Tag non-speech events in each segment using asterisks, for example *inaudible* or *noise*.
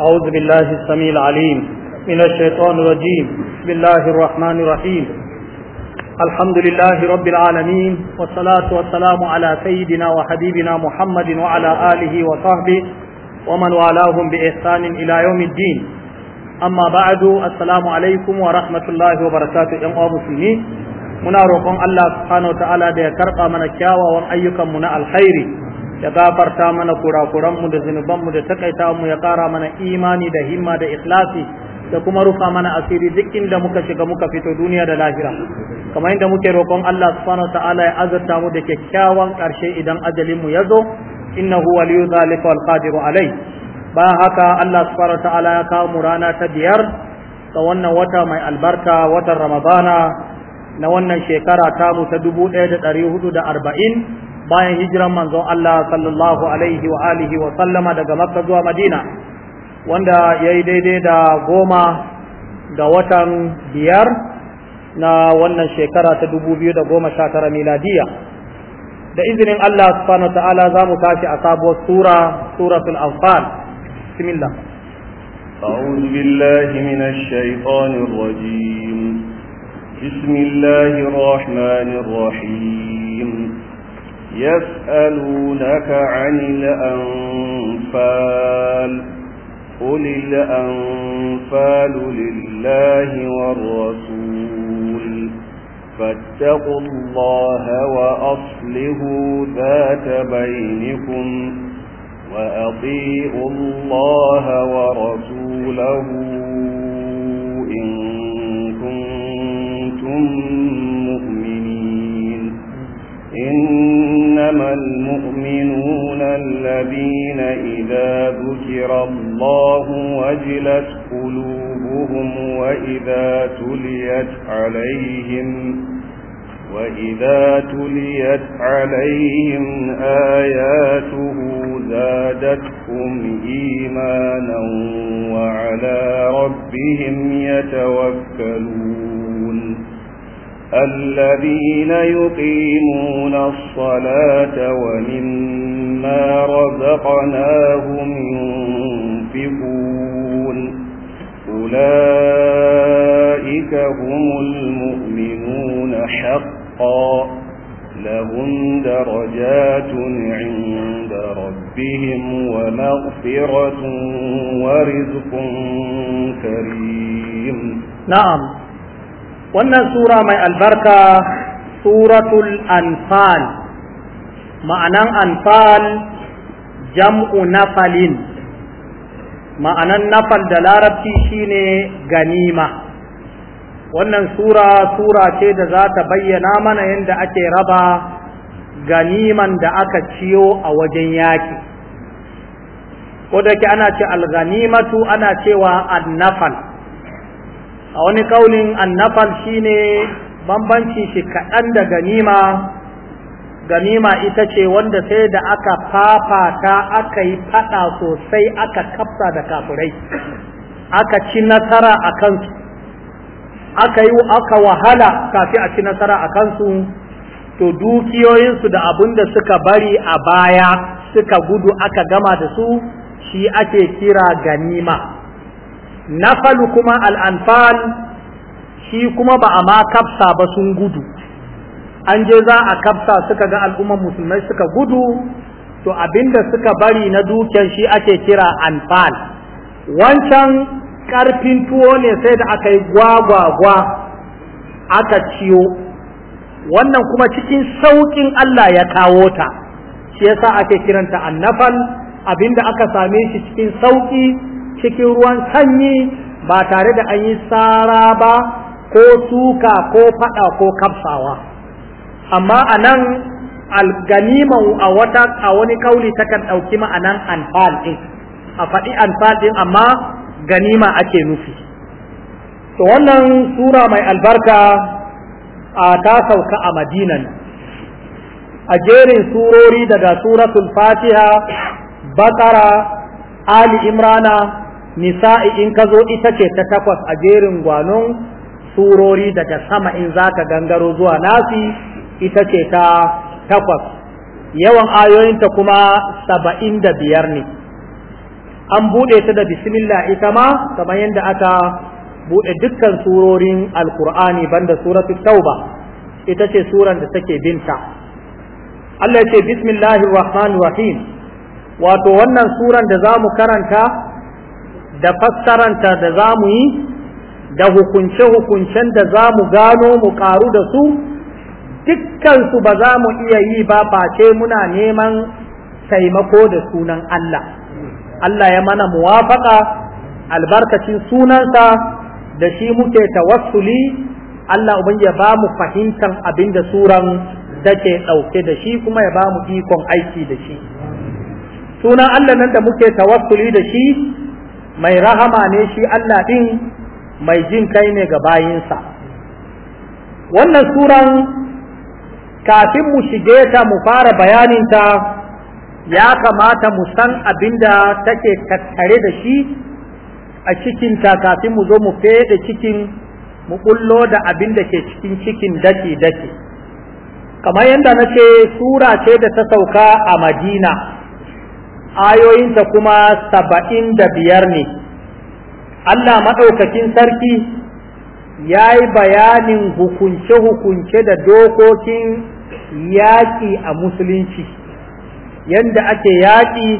أعوذ بالله السميع العليم من الشيطان الرجيم بسم الله الرحمن الرحيم الحمد لله رب العالمين والصلاة والسلام على سيدنا وحبيبنا محمد وعلى آله وصحبه ومن والاهم بإحسان إلى يوم الدين أما بعد السلام عليكم ورحمة الله وبركاته يا مسلمين منا رقم Allah سبحانه وتعالى ta'ala da ya karɓa mana kyawawan ya gafarta mana kurakuranmu da zunubanmu da takaita mu ya ƙara mana imani da himma da ikhlasi da kuma rufa mana asiri duk inda muka shiga muka fito duniya da lahira kamar yadda muke roƙon Allah subhanahu ta'ala ya azurta mu da kyakkyawan ƙarshe idan ajalin mu ya zo innahu waliyu zalika wal qadiru alai ba haka Allah subhanahu ta'ala ya kawo mu rana ta biyar ga wannan wata mai albarka watan Ramadana na wannan shekara ta mu ta arba'in. bayan hijiran manzon Allah sallallahu alaihi wa alihi wa sallama daga Makka zuwa Madina wanda ya yi daidai da goma ga watan biyar na wannan shekara ta dubu biyu da goma sha tara miladiya da izinin Allah subhanahu ta'ala za mu tashi a sabuwar sura suratul anfal bismillah أعوذ بالله من الشيطان الرجيم بسم الله الرحمن الرحيم يسألونك عن الأنفال قل الأنفال لله والرسول فاتقوا الله وأصلحوا ذات بينكم وأطيعوا الله ورسوله إن كنتم إنما المؤمنون الذين إذا ذكر الله وجلت قلوبهم وإذا تليت عليهم وإذا تليت عليهم آياته زادتهم إيمانا وعلى ربهم يتوكلون الذين يقيمون الصلاة ومما رزقناهم ينفقون أولئك هم المؤمنون حقا لهم درجات عند ربهم ومغفرة ورزق كريم نعم wannan sura mai albarka suratul anfal ma'anan anfal jam'u nafalin ma'anan nafal da larabci shine ganima wannan sura sura ce da za ta bayyana mana yadda ake raba ganiman da aka ciyo a wajen yaki ko da ke ana ce alganimatu ana cewa annafal a wani kaunin annafal shine bambanci shi kaɗan da ganima ganima ita ce wanda sai da aka fafata aka yi faɗa sosai aka kafsa da kafurai aka ci nasara a kansu aka yi aka wahala kafi a ci nasara a kansu to dukiyoyinsu da abin da suka bari a baya suka gudu aka gama da su shi ake kira ganima nafalu kuma al'anfal shi kuma ba a ma kafsa ba sun gudu an je za a kafsa suka ga al'umman musulmai suka gudu to abinda suka bari na dukiyar shi ake kira anfal wancan ƙarfin tuwo ne sai da aka yi gwagwagwa aka ciyo wannan kuma cikin sauƙin Allah ya kawo ta shi yasa ake kiranta annafal abinda aka same shi cikin sauƙi cikin ruwan sanyi ba tare da an yi tsara ba ko tuka ko fada ko kafsawa amma a nan alganiman a wata a wani kauli takan ɗauki ma'anan anfal ɗin a faɗi anfal ɗin amma ganima ake nufi to wannan sura mai albarka a ta sauka a madinan a jerin surori daga suratul fatiha bakara ali imrana nisa'i in ka zo ita ce ta takwas a jerin gwanon surori daga sama in za ka gangaro zuwa nasi ita ce ta takwas yawan ayoyinta kuma saba'in da biyar ne an buɗe ta da bismillah ita ma kamar yadda aka buɗe dukkan surorin alkur'ani banda suratul tauba ita ce suran da take binta Allah ya ce bismillahir rahmanir rahim wato wannan suran da za mu karanta da fassaranta da za mu yi da hukunce-hukuncen da za mu gano mu ƙaru da su dukkansu ba za mu iya yi ba face muna neman taimako da sunan Allah Allah ya mana muwafaƙa albarkacin sunansa da shi muke tawassuli Allah ubangiji ya ba mu fahimtar abin da suran take ɗauke da shi kuma ya ba mu ikon aiki da shi sunan Allah nan da muke tawassuli da shi mai rahama ne shi Allah ɗin mai jin kai ne ga bayinsa wannan suran kafin mu shige ta mu fara bayaninta ya kamata mu san abin da take tattare da shi a cikinta kafin mu zo mu fede cikin mu kullo da abin da ke cikin cikin dake-dake kamar yadda na ce sura ce da ta sauka a madina ayoyinta kuma saba'in da biyar ne Allah maɗaukakin sarki ya yi bayanin hukunce-hukunce da dokokin yaƙi a musulunci yadda ake yaƙi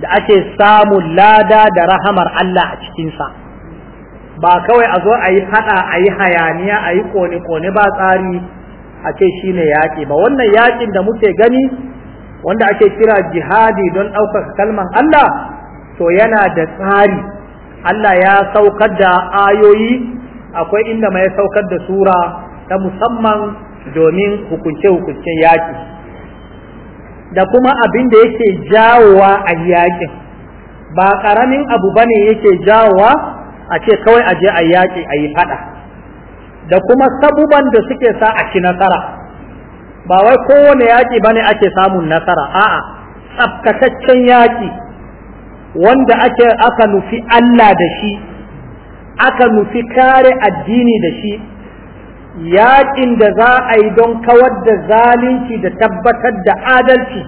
da ake samun lada da rahamar Allah a cikinsa ba kawai a zo a yi haɗa a yi hayaniya a yi ƙone-ƙone ba tsari a ce shi ne yaƙi ba wannan yaƙin da muke gani wanda ake kira jihadi don ɗaukaka kalman Allah to yana da tsari Allah ya saukar da ayoyi akwai inda mai saukar da sura ta musamman domin hukunce-hukuncen yaƙi da kuma abin da yake jawowa a yaƙin ba ƙaramin abu bane yake jawowa a ce kawai aje a yaƙi ayi yi faɗa da kuma sabuban da suke sa a ci nasara ba wai kowane yaƙi ba ne ake samun nasara a'a tsafkataccen yaƙi wanda ake aka nufi Allah da shi aka nufi kare addini da shi yaƙin da za a yi don kawar da zalunci da tabbatar da adalci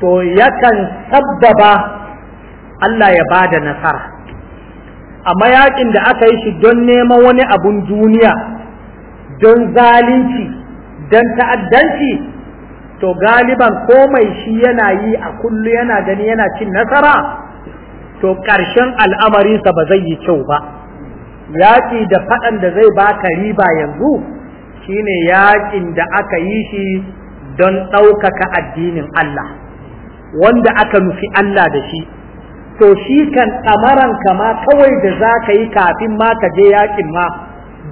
to yakan sabbaba Allah ya ba da nasara amma yaƙin da aka yi shi don neman wani abun duniya don zalunci dan ta'addanci to galiban komai shi yana yi a kullu yana gani yana cin nasara to ƙarshen al'amarinsa ba zai yi kyau ba yaƙi da faɗan da zai baka riba yanzu shine yaƙin da aka yi shi don ɗaukaka addinin Allah wanda aka nufi Allah da shi to shi kan tsamaran kama kawai da za ka yi kafin ma ka je yaƙin ma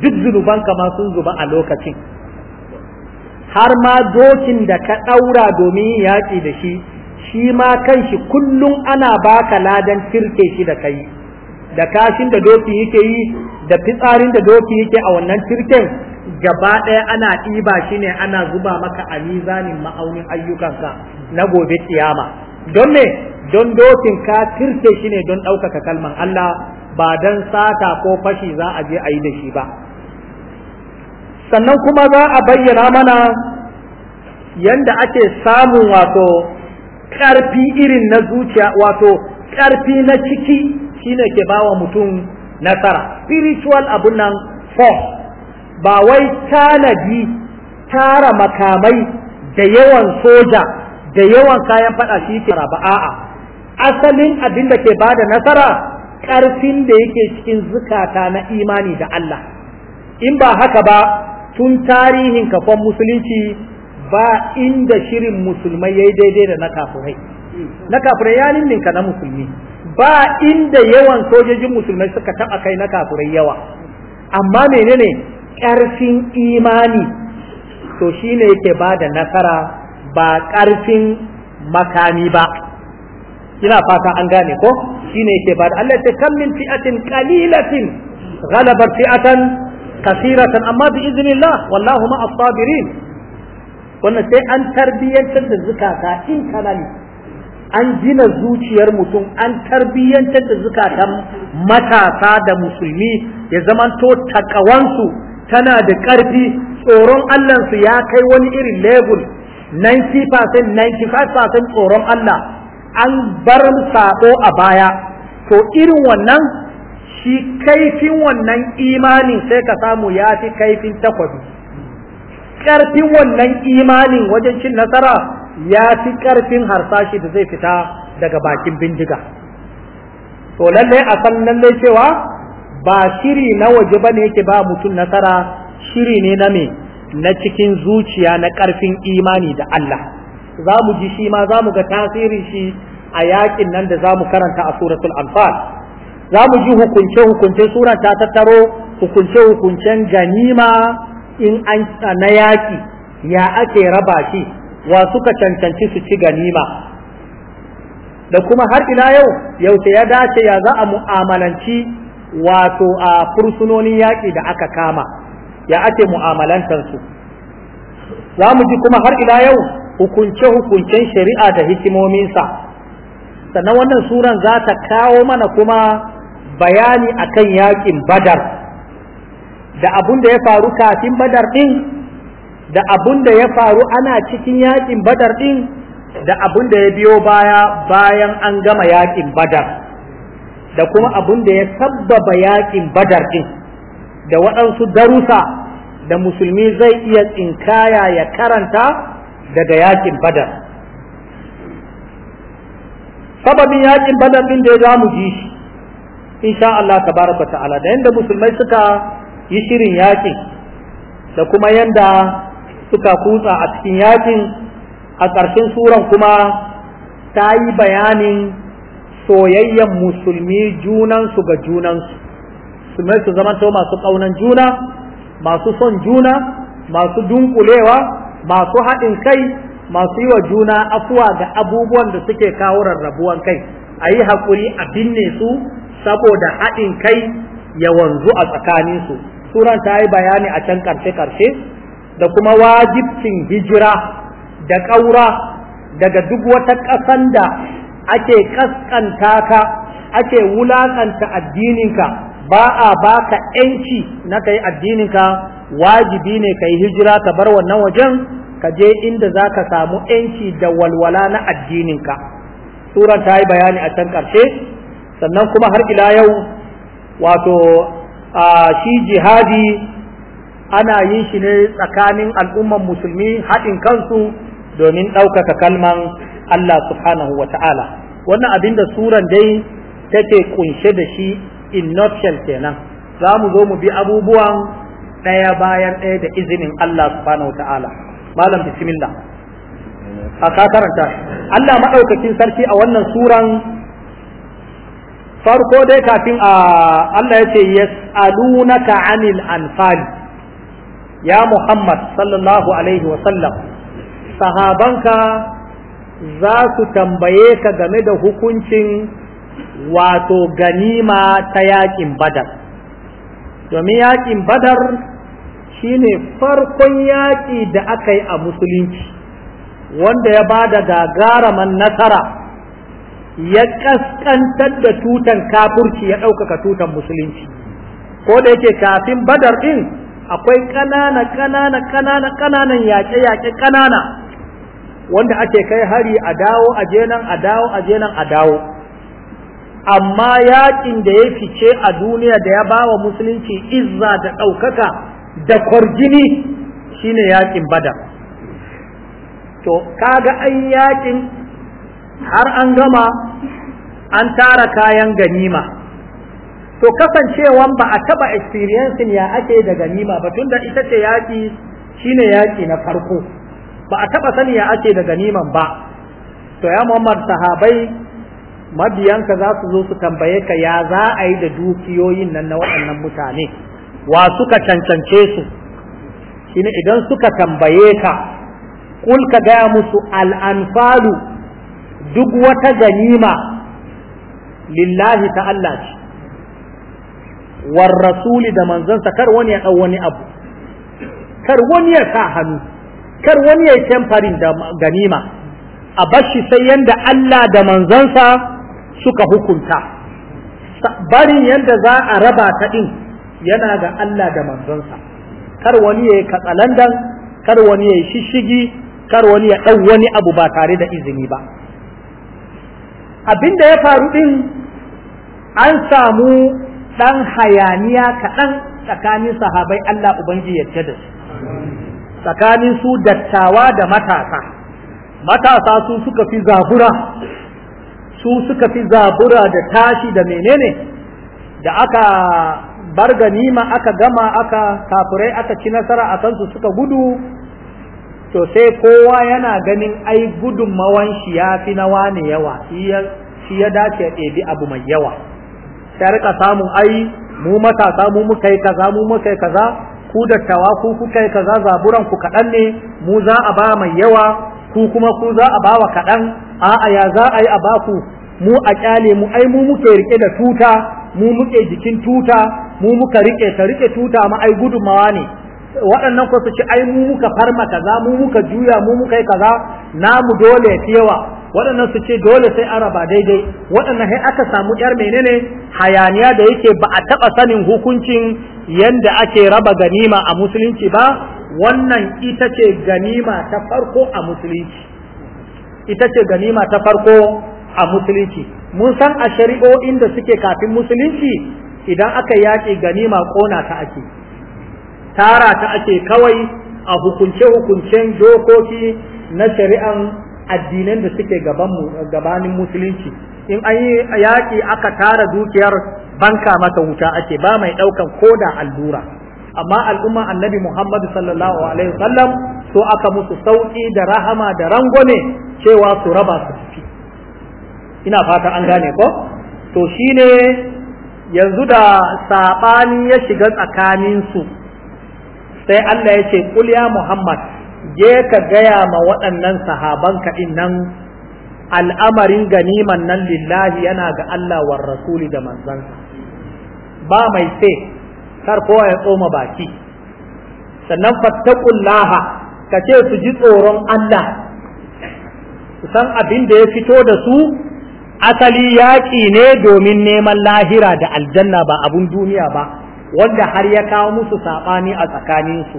duk zunubanka ma sun zuba a lokacin har ma dokin da ka ɗaura domin yaƙi da shi shi ma kan shi kullum ana baka ladan firke shi da kai da kashin da doki yake yi da fitsarin da doki yake a wannan firken. gaba ɗaya ana ɗiba shi ne ana zuba maka a mizanin ma'aunin ayyukanka na gobe kiyama don me don dokin ka firke shi ne don ɗaukaka kalman Allah ba don sata ko fashi za a je a yi da shi ba sannan kuma za a bayyana mana yanda ake samun wato ƙarfi irin na zuciya wato ƙarfi na ciki shine ke bawa mutum nasara spiritual abun nan force ba wai tanadi tara makamai da yawan soja da yawan kayan fada shi ke ba a'a asalin abin da ke ba da nasara ƙarfin da yake cikin zukata na imani da Allah in ba haka ba tun tarihin kafan musulunci ba inda shirin musulmai ya yi daidai da na kafirai na kafirai ya ninninka na musulmi ba inda yawan sojojin musulmai suka taɓa kai na kafirai yawa amma menene ƙarfin imani to shi ne yake ba da nasara ba ƙarfin makami ba ina fata an gane ko shi ne yake ba da Allah ya ce kan min fi'atin ƙalilatin ghalabar fi'atan kasiratan amma bi iznillah wallahu ma as-sabirin wannan sai an tarbiyantar da zukata in kalali an gina zuciyar mutum an tarbiyantar da zukatan matasa da musulmi ya zamanto takawansu tana da ƙarfi tsoron allansu ya kai wani irin level 90% 95% tsoron Allah an bar sabo a baya to irin wannan shi kaifin wannan imanin sai ka samu ya fi kaifin takwabi ƙarfin wannan imanin wajen cin nasara ya fi ƙarfin harsashi da zai fita daga bakin bindiga to lallai a san lallai cewa ba shiri na waje ba ne yake ba mutum nasara shiri ne na me na cikin zuciya na ƙarfin imani da Allah za mu ji shi ma za mu ga tasirin shi a yakin nan da za mu karanta a suratul anfal za mu ji hukunce-hukunce sura ta tattaro hukunce-hukuncen ganima in an na yaƙi ya ake raba shi wa suka cancanci su ci ganima da kuma har ila yau yaushe ya dace ya za a mu'amalanci wato a fursunonin yaƙi da aka kama ya ake mu'amalantarsu za mu ji kuma har ila yau hukunce-hukuncen shari'a da hikimominsa sannan wannan suran za ta kawo mana kuma bayani akan yakin badar da abun da ya faru kafin badar din da abun da ya faru ana cikin yakin badar din da abun da ya biyo baya bayan an gama yakin badar da kuma abun da ya sabbaba yakin badar din da waɗansu darusa da musulmi zai iya tsinkaya ya karanta daga yakin badar sababin yakin badar din da ya za mu ji shi sha Allah tabaraka ta'ala da yanda musulmai suka yi shirin yakin da kuma yanda suka kutsa a cikin yaƙin, a ƙarshen suran kuma ta yi bayanin soyayyen musulmi junansu ga junansu musulmai su zama to masu ƙaunan juna masu son juna masu dunkulewa masu haɗin kai masu yi wa juna afuwa ga abubuwan da suke kawo rarrabuwan kai a yi haƙuri a binne su saboda haɗin kai ya wanzu a tsakaninsu suran ta yi bayani a can karshe-karshe da kuma wajibcin hijira da ƙaura daga duk wata ƙasan da ake ƙasƙanta ka ake wulaƙanta addininka ba a baka ‘yanci na kai addininka wajibi ne ka yi hijira ka bar wannan wajen ka je inda za ka samu ‘yanci da walwala na addininka suran ta yi bayani a can ƙarshe sannan kuma har ila yau wato a shi jihadi ana yin shi ne tsakanin al'umman musulmi haɗin kansu domin ɗaukaka kalman Allah subhanahu wa ta'ala wannan abin da suran dai take kunshe da shi in nutshell kenan za mu zo mu bi abubuwan ɗaya bayan ɗaya da izinin Allah subhanahu wa ta'ala malam bismillah a ka karanta Allah maɗaukakin sarki a wannan suran farko dai kafin a Allah ya ce yas'alunaka anil anfal ya Muhammad sallallahu alaihi wa sallam sahabanka za su tambaye ka game da hukuncin wato ganima ta yakin badar domin yakin badar shine farkon yaƙi da aka yi a musulunci wanda ya ba da gagaraman nasara ya kaskantar da tutan kafurci ya ɗaukaka tutan musulunci ko da yake kafin badar ɗin akwai ƙanana ƙanana ƙanana ƙananan yaƙe-yaƙe ƙanana wanda ake kai hari a dawo a nan a dawo a nan a dawo amma yaƙin da ya fice a duniya da ya ba wa musulunci izza da ɗaukaka da kwarjini shine yaƙin badar to kaga an yaƙin har an gama an tara kayan ganima to kasancewan ba a taba experiencing ya ake da ganima ba tunda ita ce yaki shine yaki na farko ba a taba sani ya ake da ganiman ba to ya Muhammad sahabai mabiyanka za su zo su tambaye ka ya za a yi da dukiyoyin nan na waɗannan mutane wa suka cancance su shine idan suka tambaye ka kul ka gaya musu al-anfalu duk wata ganima lillahi ta Allah ce war rasuli da manzansa kar wani ya ɗau wani abu kar wani ya sa hannu kar wani ya yi kemfarin da ganima a bashi sai yadda Allah da manzansa suka hukunta barin yadda za a raba ta ɗin yana ga Allah da manzansa kar wani ya yi katsalandan kar wani ya yi shishigi kar wani ya ɗau wani abu ba tare da izini ba Abin da ya faru din an samu dan hayaniya kaɗan tsakanin sahabai Allah ubangi yadda da su tsakanin su dattawa da matasa matasa su suka fi zabura su suka fi zabura da tashi da menene da aka bar ganima aka gama aka kafurai aka ci nasara a kansu suka gudu to sai kowa yana ganin ai gudunmawan shi ya fi na wane yawa shi ya dace ya ɗebi abu mai yawa sai rika samu ai mu matasa mu muka yi kaza mu muka yi kaza ku dattawa ku kuka yi kaza zaburan ku kaɗan ne mu za a ba mai yawa ku kuma ku za a ba wa kaɗan a'a ya za a yi a baku mu a kyale mu ai mu muke rike da tuta mu muke jikin tuta mu muka rike ta rike tuta ma ai gudunmawa ne waɗannan ko su ci ai mu muka farma kaza mu muka juya mu muka yi kaza namu dole ya yawa waɗannan su ce dole sai araba daidai waɗannan sai aka samu yar menene hayaniya da yake ba a taɓa sanin hukuncin yanda ake raba ganima a musulunci ba wannan ita ce ganima ta farko a musulunci ita ce ganima ta farko a musulunci mun san a shari'o'in da suke kafin musulunci idan aka yaƙi ganima ƙona ta ake tara ta ake kawai a hukunce-hukuncen dokoki na shari'an addinan da suke gabanin musulunci in an yi yaƙi aka tara dukiyar banka mata wuta ake ba mai ɗaukan koda allura amma al'umma annabi muhammadu sallallahu alaihi wasallam so aka musu sauƙi da rahama da rangwane cewa su raba su fi ina fata an gane ko to shine yanzu da saɓani ya shiga tsakaninsu sai Allah ya ce kul ya Muhammad je ka gaya ma waɗannan sahabanka innan nan al'amarin ganiman nan lillahi yana ga Allah war rasuli da manzansa ba mai sai kar kowa ya tsoma baki sannan fattaqullaha ka ce su ji tsoron Allah san abin da ya fito da su asali yaƙi ne domin neman lahira da aljanna ba abun duniya ba wanda har ya kawo musu saɓani a tsakaninsu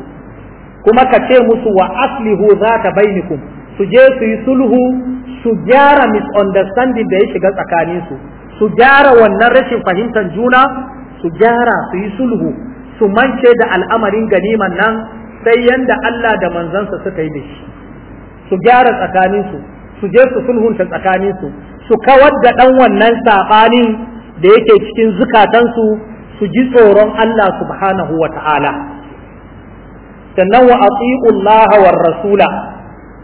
kuma ka ce musu wa aslihu za ta bainikum su je su yi sulhu su gyara misunderstanding da ya shiga tsakaninsu su gyara wannan rashin fahimtar juna su gyara su yi sulhu su mance da al'amarin ganiman nan sai yanda Allah da manzansa suka yi da shi su gyara tsakaninsu su je su sulhunta tsakaninsu su kawar da ɗan wannan saɓanin da yake cikin zukatansu su ji tsoron Allah subhanahu wa ta'ala sannan wa ati'u lahawar rasula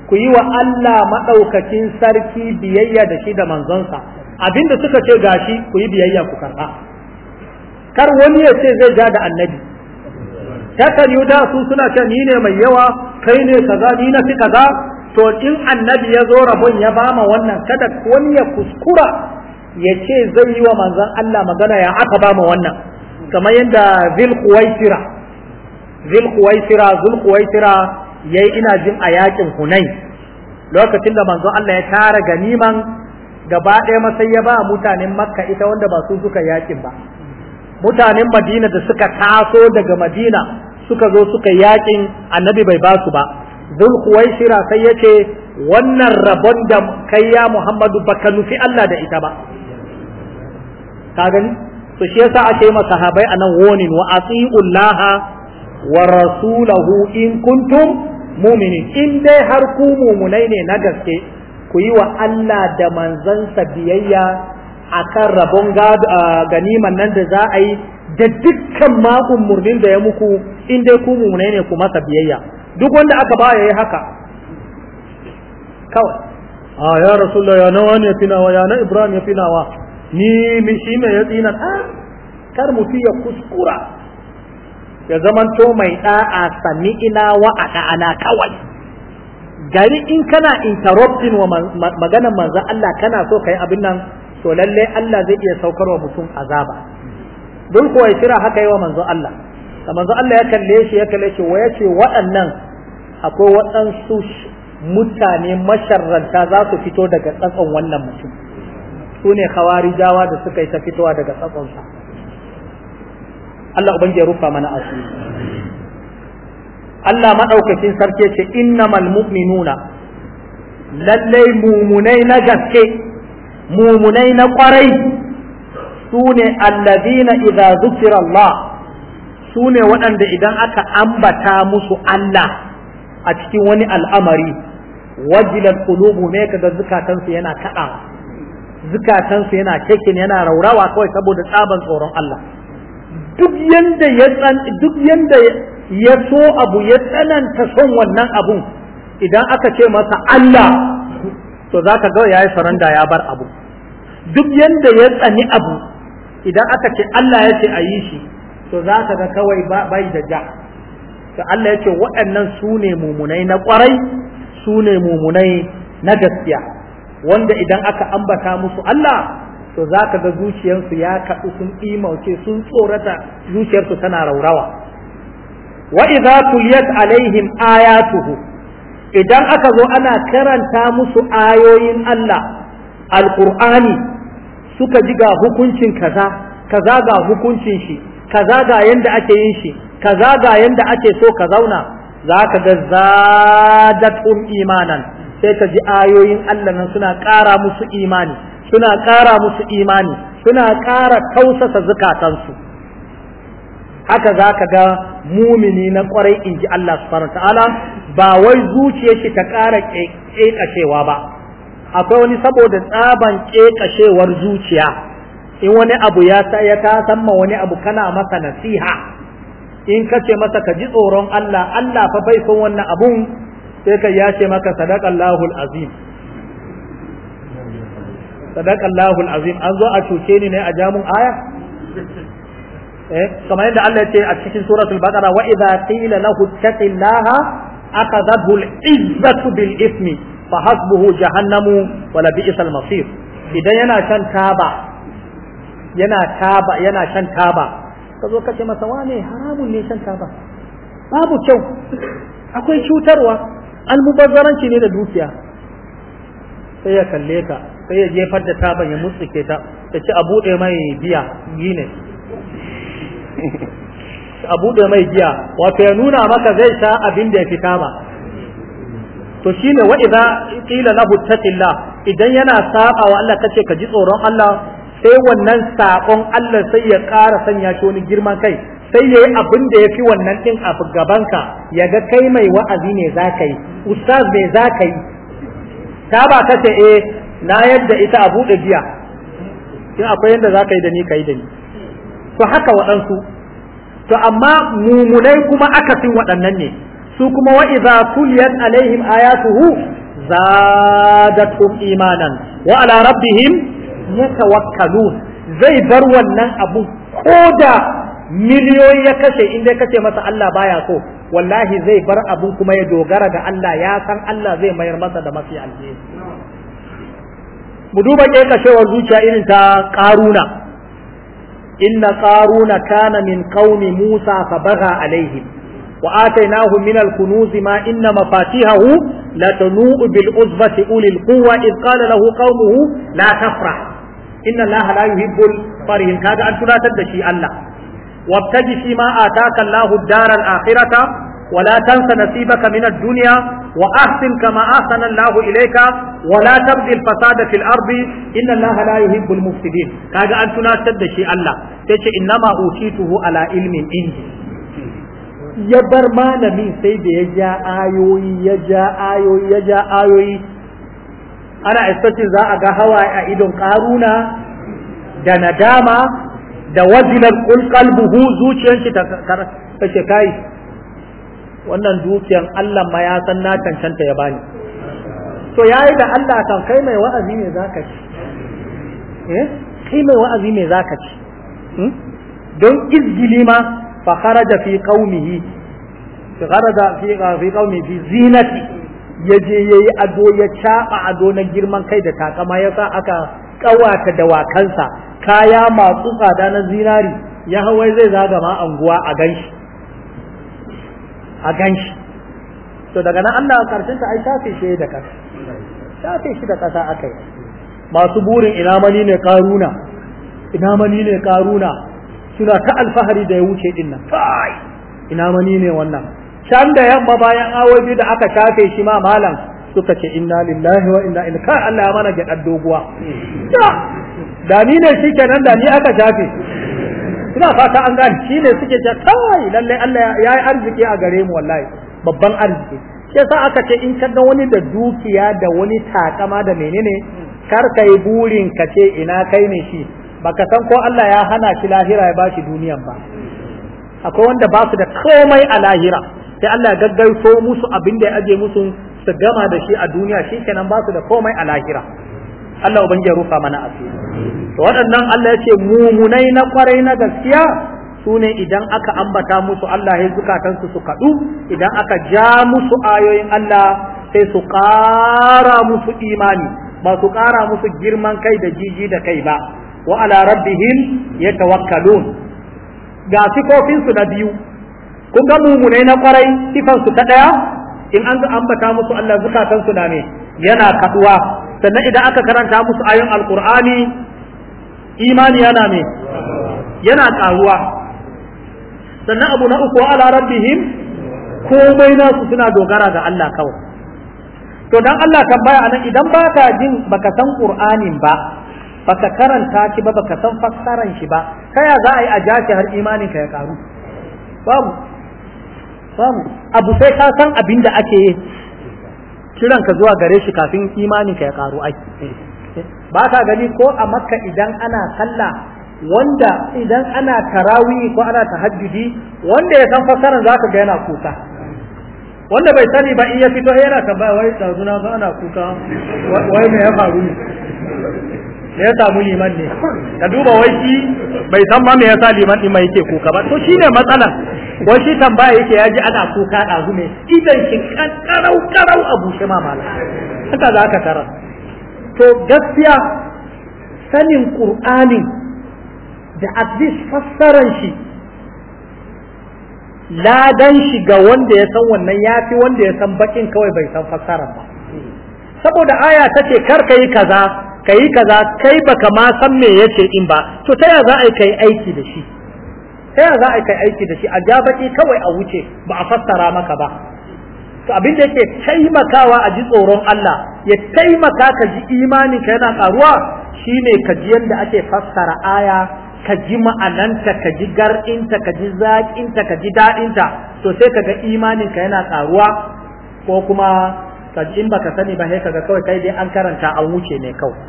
ku yi wa Allah maɗaukakin sarki biyayya da shi da manzonsa abinda suka ce gashi ku yi biyayya ku karɓa. kar wani ya ce zai ja da annabi takan yi su suna ce ni ne mai yawa kai ne kaza ni na fi kaza to in annabi ya zo rabon ya bama wannan kada wani ya kuskura ya ce zai yi wa manzan Allah magana ya aka ba wannan kamar yadda zil kuwaisira zil kuwaisira zul yayi ina jin a yakin hunai lokacin da manzo Allah ya tara ganiman gaba ɗaya masai ya ba mutanen makka ita wanda ba su suka yakin ba mutanen madina da suka taso daga madina suka zo suka yakin annabi bai ba su ba zul sai ya ce wannan rabon da kai ya muhammadu baka nufi Allah da ita ba ka gani to shi yasa ake ma sahabai anan wonin wa atiullaha wa rasulahu in kuntum mu'minin in dai har ku mu'minai ne na gaske ku yi wa Allah da manzansa biyayya akan rabon ganiman nan da za a yi da dukkan ma murnin da ya muku in dai ku mu'minai ne ku masa biyayya duk wanda aka ba ya yi haka kawai a ah, ya rasulullah ya nawa ne finawa ya na ibrahim ya finawa ni min shi ne ya tsina ta kar mutum ya kuskura ya zamanto mai da'a sami ina wa a ana kawai gari in kana interrupting wa maganar manzo Allah kana so kai abin nan to lalle Allah zai iya saukar wa mutum azaba don kuwa ya kira haka yi wa manzo Allah da manzo Allah ya kalle shi ya kalle shi wa ya ce waɗannan akwai waɗansu mutane masharranta za su fito daga tsakan wannan mutum su ne khawarijawa da suka yi ta fitowa daga tsatsonsa Allah ubangi ya rufa mana asiri Allah madaukakin sarki ce innamal mu'minuna lallai mumunai na gaske mumunai na kwarai su ne allazina idza zukira Allah su ne waɗanda idan aka ambata musu Allah a cikin wani al'amari wajilar kulubu ne kaga zukatansu yana kaɗawa zukatansu yana keken yana raurawa kawai saboda tsaban tsoron Allah duk yanda ya tsan duk yanda ya so abu ya tsananta son wannan abun idan aka ce masa Allah to zaka ga yayi saranda ya bar abu duk yanda ya tsani abu idan aka ce Allah ya ce a shi to zaka ga kawai bai da ja to Allah ya ce waɗannan su ne mumunai na ƙwarai su ne mumunai na gaskiya wanda idan aka ambata musu Allah to za ka ga zuciyarsu ya kaɗu sun imauce sun tsorata zuciyarsu tana raurawa wa idza tuliyat alaihim ayatuhu idan aka zo ana karanta musu ayoyin Allah alqur'ani suka ji ga hukuncin kaza kaza ga hukuncin shi kaza ga yanda ake yin shi kaza ga yanda ake so ka zauna za ka ga zadatum imanan sai ka ji ayoyin Allah nan suna ƙara musu imani suna ƙara musu imani suna ƙara tausasa zukatansu haka za ka ga mumini na ƙwarai in ji Allah subhanahu ta'ala ba wai zuciyar shi ta ƙara ƙeƙashewa ba akwai wani saboda tsaban ƙeƙashewar zuciya in wani abu ya ya ta samma wani abu kana masa nasiha in ka ce masa ka ji tsoron Allah Allah fa bai son wannan abun sai ka ya ce maka sadaqallahul azim sadaqallahul azim an zo a cuce ni ne a jamun aya eh kamar yadda Allah ya ce a cikin suratul baqara wa idza qila lahu taqillaha akhadhahu al-izzatu bil ismi fa hasbuhu jahannamu wa la bi'sal masir idan yana shan taba yana taba yana shan taba ka zo ka ce masa wane haramun ne shan taba babu kyau akwai cutarwa almubazzaranci ne da dukiya sai ya kalle ka sai ya jefar da taban ya mutsuke ta ta ci a buɗe mai biya yi ne *laughs* a buɗe mai giya wato ya nuna maka zai sha abin da ya fita ba to shine wa idza qila lahu taqillah idan yana saba wa Allah kace ka ji tsoron Allah sai wannan sakon Allah sai ya ƙara sanya shi wani girman kai sai yayi abin da fi wannan din a gabanka ya ga kai mai wa'azi ne ka yi ustaz za ka yi ta ba ka ce eh na yadda ita a buɗe jiya in akwai yadda ka yi da ni ka yi da ni to haka waɗansu to amma mumunai kuma akasin waɗannan ne su kuma wa idza alaihim ayatuhu zadatuhum imanan wa ala rabbihim yatawakkalun zai bar wannan abu koda miliyoyi ya kashe in dai kashe masa Allah baya so wallahi zai bar abun kuma ya dogara ga Allah ya san Allah zai mayar masa da mafi alheri mu duba ke kashewar zuciya irin ta karuna inna karuna kana min qaumi Musa fa baga alaihi wa atainahu min al-kunuz ma inna mafatihahu la tanu'u bil uzbati ulil quwwa id qala lahu qaumuhu la tafrah inna allaha la yuhibbul farihin kaga an tunatar da shi Allah وابتج فيما آتاك الله الدار الآخرة ولا تنس نصيبك من الدنيا وأحسن كما أحسن الله إليك ولا تبغي الفساد في الأرض إن الله لا يحب المفسدين كاجا أن تناسب شيء الله تيجي إنما أوتيته على علم عندي ya bar malamin sai da ya ja ayoyi ya ja ayoyi ya ja ayoyi ana expecting za a ga hawa a idon karuna da nadama da wazilar qalbuhu zuciyar shi ta kace kai wannan dukiyar Allah ma ya san na cancanta ya bani to yayi da Allah kan kai mai wa'azi ne zaka ci eh kai mai wa'azi ne zaka ci hmm? don izgili ma fa kharaja fi qaumihi fi kharaja fi fi qaumi fi zinati yaje yayi ado ya caba ado na girman kai da takama yasa aka Ƙawata dawakansa kaya masu tsada na zinari ya hawai zai zaga ma anguwa a ganshi a ganshi to daga nan Allah a karshen ta ai shafe shi da kasa shafe shi da kasa akai masu burin ina mani ne karuna ina mani ne karuna suna ta alfahari da ya wuce din nan kai ina mani ne wannan can da yamma bayan awobi da aka shafe shi ma malam suka ce inna lillahi wa inna ilaihi Allah ya mana gadan doguwa da ni ne shikenan da ni aka shafe ina fata an gane shi ne suke ce kai lalle Allah ya yi arziki a gare mu wallahi babban arziki shi yasa aka ce in ka wani da dukiya da wani takama da menene kar ka yi burin ka ce ina kai ne shi baka san ko Allah ya hana shi lahira ya bashi duniyan ba akwai wanda ba su da komai a lahira sai Allah ya gaggaito musu abin da ya aje musu su gama da shi a duniya shi kenan ba su da komai a lahira Allah ubangi ya rufa mana asiri to waɗannan Allah ya ce mumunai na kwarai na gaskiya su ne idan aka ambata musu Allah ya zukatansu su kaɗu idan aka ja musu ayoyin Allah sai su ƙara musu imani ba su ƙara musu girman kai da jiji da kai ba wa ala rabbihim yatawakkalun ga su na biyu kun ga mumunai na kwarai su ta ɗaya in an ambata musu Allah zukatan su na ne yana kaduwa sannan idan aka karanta musu ayoyin alqur'ani imani yana ne yana karuwa sannan abu na uku ala rabbihim komai su suna dogara ga Allah kawai to dan Allah tambaya anan idan baka jin baka san qur'anin ba baka karanta shi ba baka san fassaran shi ba kaya za a yi a jaki har imanin ka ya karu babu samu abu sai ka san abin da ake kiran ka zuwa gare shi kafin imanin ka ya karu ai ba ka gani ko a makka idan ana sallah wanda idan ana tarawih ko ana tahajjudi wanda ya san fasaran zaka ga yana kuka wanda bai sani ba in ya fito eh, yana tambaya wai tsaruna ba ana kuka wai me ya faru da ya samu liman ne ka duba wai shi bai san ma me yasa liman din mai yake kuka ba to shine matsala wai shi tambaya yake yaji ana kuka da gume idan shi kan karau karau a bushe ma mala haka za ka tarar to gaskiya sanin qur'ani da at least fassaran shi ladan shi ga wanda ya san wannan yafi wanda ya san bakin kawai bai san fassara ba saboda aya ta kar karka yi kaza ka kaza kai baka ma san me yace in ba to ta ya za a kai aiki da shi ta za a kai aiki da shi a ja baki kawai a wuce ba a fassara maka ba to abin da yake taimakawa a ji tsoron Allah ya taimaka ka ji imani ka yana karuwa shine ka ji yadda ake fassara aya ka ji ma'ananta ka ji gar'inta ka ji zaƙinta ka ji daɗinta to sai ka ga imanin ka yana karuwa ko kuma kaji in baka sani ba sai kaga kawai kai dai an karanta an wuce ne kawai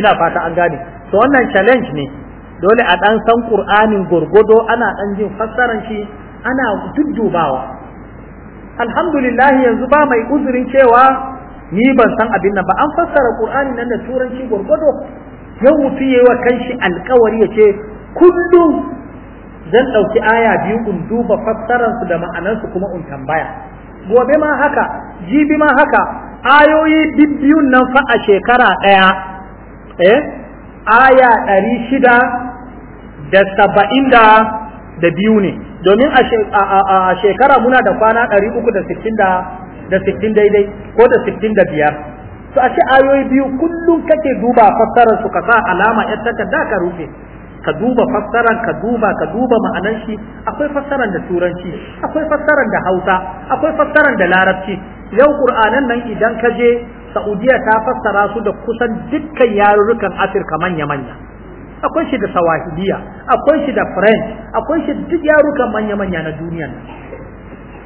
ina fata an gane to wannan challenge ne dole a dan san qur'anin gurgudo ana dan jin fassaran shi ana duddubawa alhamdulillah yanzu ba mai uzurin cewa ni ban san abin nan ba an fassara qur'ani nan da turanci gurgudo yau mutum yayi wa kanshi alkawari ya ce kullum zan ɗauki aya biyu in duba fassararsu da ma'anarsu kuma in tambaya gobe ma haka jibi ma haka ayoyi bibbiyun nan fa a shekara ɗaya eh aya ɗari shida da saba'in da biyu ne domin a shekara muna da kwana ɗari uku da sittin daidai ko da sittin da biyar to a ce ayoyi biyu kullum kake duba fassarar su ka sa alama yar takarda ka rufe ka duba fassaran ka duba ka duba ma'anan shi akwai fassaran da turanci akwai fassaran da hausa akwai fassaran da larabci yau qur'anan nan idan ka je saudiya ta fassara su da kusan dukkan yarurrukan afirka manya manya akwai shi da sawahiliya akwai shi da french akwai shi da duk yarurrukan manya manya na duniya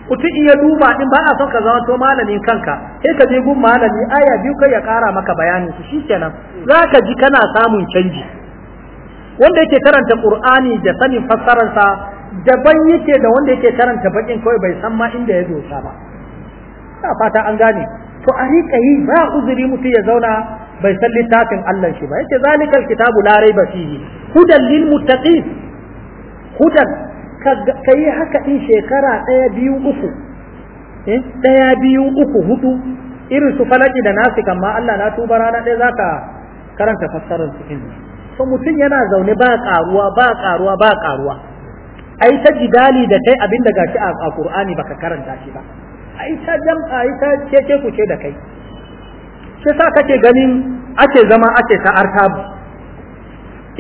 mutum iya duba din ba a son ka zama to malamin kanka sai ka je gun malami aya biyu kai ya kara maka bayani shi shikenan zaka ji kana samun canji wanda yake karanta qur'ani da sanin fassararsa daban yake da wanda yake karanta bakin kawai bai san ma inda ya dosa ba ta fata an gane to a rika yi ba uzuri mutum ya zauna bai san littafin Allah shi ba yace zalikal kitabu la raiba fihi hudan lil muttaqin hudan kai haka din shekara daya biyu uku eh daya biyu uku hudu irin su falaki da nasi kamar Allah na tuba rana ɗaya zaka karanta fassarar su to mutum yana zaune ba karuwa ba karuwa ba karuwa ai ta jidali da kai abin da gashi a Qur'ani baka karanta shi ba ai ta dan ai ta keke ku ce da kai sai sa kake ganin ake zama ake ta artabu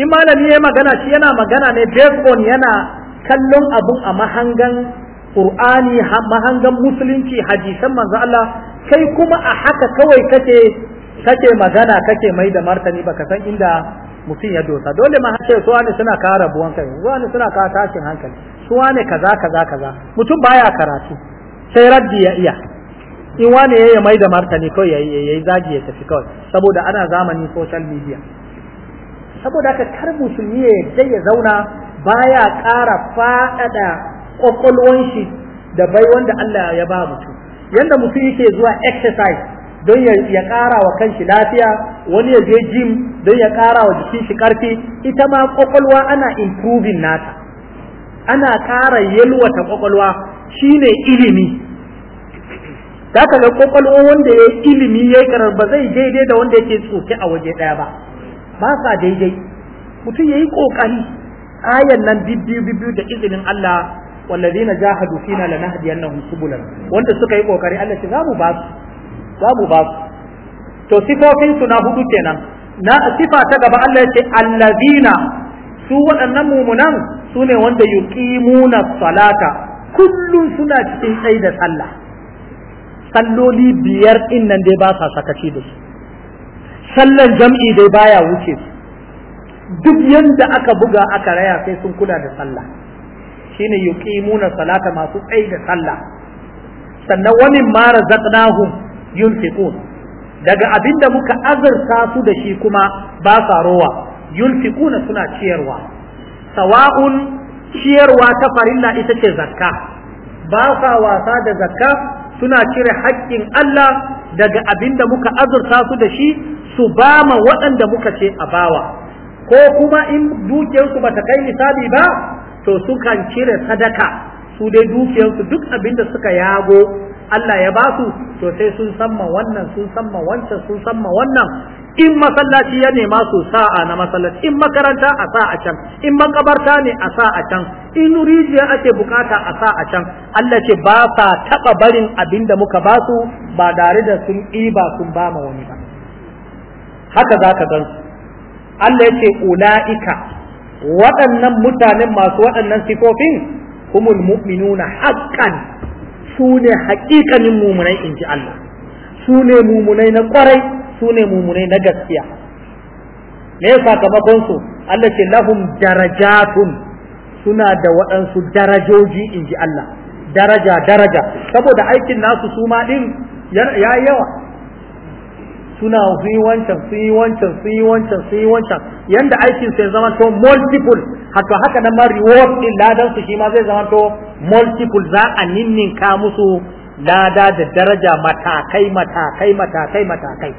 in malami ya magana shi yana magana ne based on yana kallon abun a mahangan Qur'ani mahangan musulunci hadisan manzo Allah kai kuma a haka kawai kake kake magana kake mai da martani baka san inda mutum ya dosa dole ma ce su wani suna kawo rabuwan kai su wani suna kawo tashin hankali su wani kaza kaza kaza mutum baya karatu sai raddi ya iya in wani ya mai da martani ko ya yi zagi ya tafi kawai saboda ana zamani social media saboda haka kar musulmi ya yadda ya zauna baya ƙara faɗaɗa ƙwaƙwalwanshi da bai wanda Allah ya ba mutum yadda mutum yake zuwa exercise don ya ƙara wa kanshi lafiya wani ya je jim don ya ƙara wa jikin shi ƙarfi ita ma ƙwaƙwalwa ana improving nata ana ƙara yalwata ƙwaƙwalwa shine ilimi da ka ga ƙwaƙwalwa wanda ya ilimi ya karar ba zai daidai da wanda yake tsoke a waje ɗaya ba ba sa daidai mutum ya yi ƙoƙari ayan nan bibbiyu bibbiyu da izinin Allah wallazina jahadu fina lanahdiyannahum subulan wanda suka yi ƙoƙari Allah shi za mu ba su za mu ba to sifofin su na hudu kenan na sifa ta gaba Allah ya ce allazina su waɗannan mumunan su ne wanda yuqimuna salata kullum suna cikin tsayi da sallah salloli biyar din nan dai ba sa sakaci da su sallan jam'i dai baya wuce su duk yanda aka buga aka raya sai sun kula da sallah shine yuqimuna salata masu tsayi da sallah sannan wani mara razaqnahum yunfiqun daga abin da muka azurta su da shi kuma ba sa rowa yunfiquna suna ciyarwa sawa'un ciyarwa ta farilla ita ce zakka ba sa wasa da zakka suna cire haƙƙin Allah daga abin da muka azurta su da shi su ba ma waɗanda muka ce a bawa ko kuma in dukiyarsu ba ta kai misali ba to sukan cire sadaka su dai dukiyarsu duk abin da suka yago Allah ya basu to sai sun samma wannan sun samma wancan sun samma wannan in masallaci ya nema su sa'a na masallaci in makaranta a sa a can in makabarta ne a sa a can in rijiya ake bukata a sa a can Allah ce ba sa taba barin abin da muka basu ba dare da sun iba sun ba ma wani ba haka za ka gan su Allah ya ce ula'ika waɗannan mutanen masu waɗannan sifofin humul mu'minuna haqqan su ne haƙiƙanin mumunai in ji Allah su ne mumunai na ƙwarai su ne mumunai na gaskiya me ya sakamakon su Allah ce lahum darajatun suna da waɗansu darajoji in ji Allah daraja daraja saboda aikin nasu su ma ɗin ya yi yawa suna su yi wancan su yi wancan su yi wancan su yi wancan yanda aikin sai zama to multiple haka haka na ma reward din ladan su shi ma zai zama to multiple za a ninninka musu lada da daraja matakai matakai matakai matakai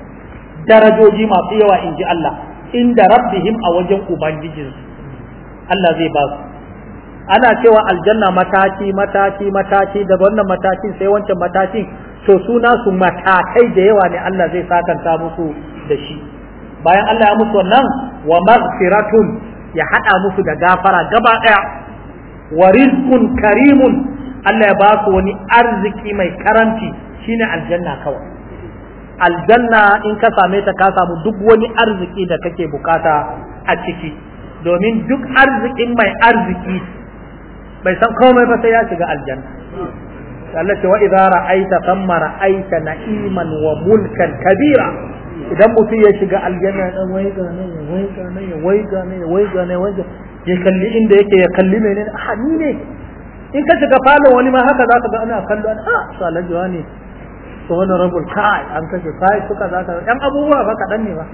darajoji masu yawa in ji Allah inda rabbihim a wajen ubangijinsu Allah zai ba su ana cewa aljanna mataki mataki mataki da wannan matakin sai wancan matakin to suna su matakai da yawa ne Allah zai sakanta musu da shi bayan Allah ya musu wannan wa maghfiratun ya hada musu da gafara gaba daya wa karimun Allah ya ba su wani arziki mai karanci shine aljanna kawai aljanna in ka same ta ka samu duk wani arziki da kake bukata a ciki domin duk arzikin mai arziki bai san komai ba sai ya shiga aljanna Allah ce wa idza ra'aita thamma ra'aita na'iman wa mulkan kabira idan mutum ya shiga aljanna dan wai ga ne wai ga ne wai ga ne wai ga ne wai ga ya kalli inda yake ya kalli mene ne a ni ne in ka shiga falon wani ma haka zaka ga ana kallo an ah su alajuwa ne su wani rabul kai an kashe kai suka zaka yan abubuwa ba kaɗan ne ba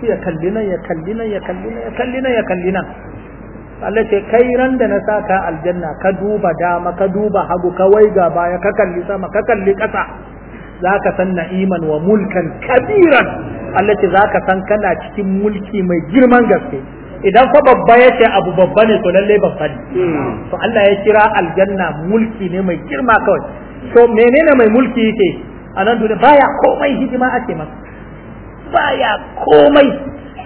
shi ya kalli nan ya kalli nan ya kalli nan ya kalli nan ya kalli nan Allah ce kai ran da na sa ka aljanna ka duba dama ka duba hagu ka ga baya ka kalli sama ka kalli ƙasa za ka san na'iman wa mulkan kabiran Allah ce za ka san kana cikin mulki mai girman gaske idan fa babba ya ce abu babba ne to lalle babba ne hmm. to Allah ya kira aljanna mulki ne mai girma kawai to menene mai mulki yake a nan duniya baya komai hidima ake masa baya komai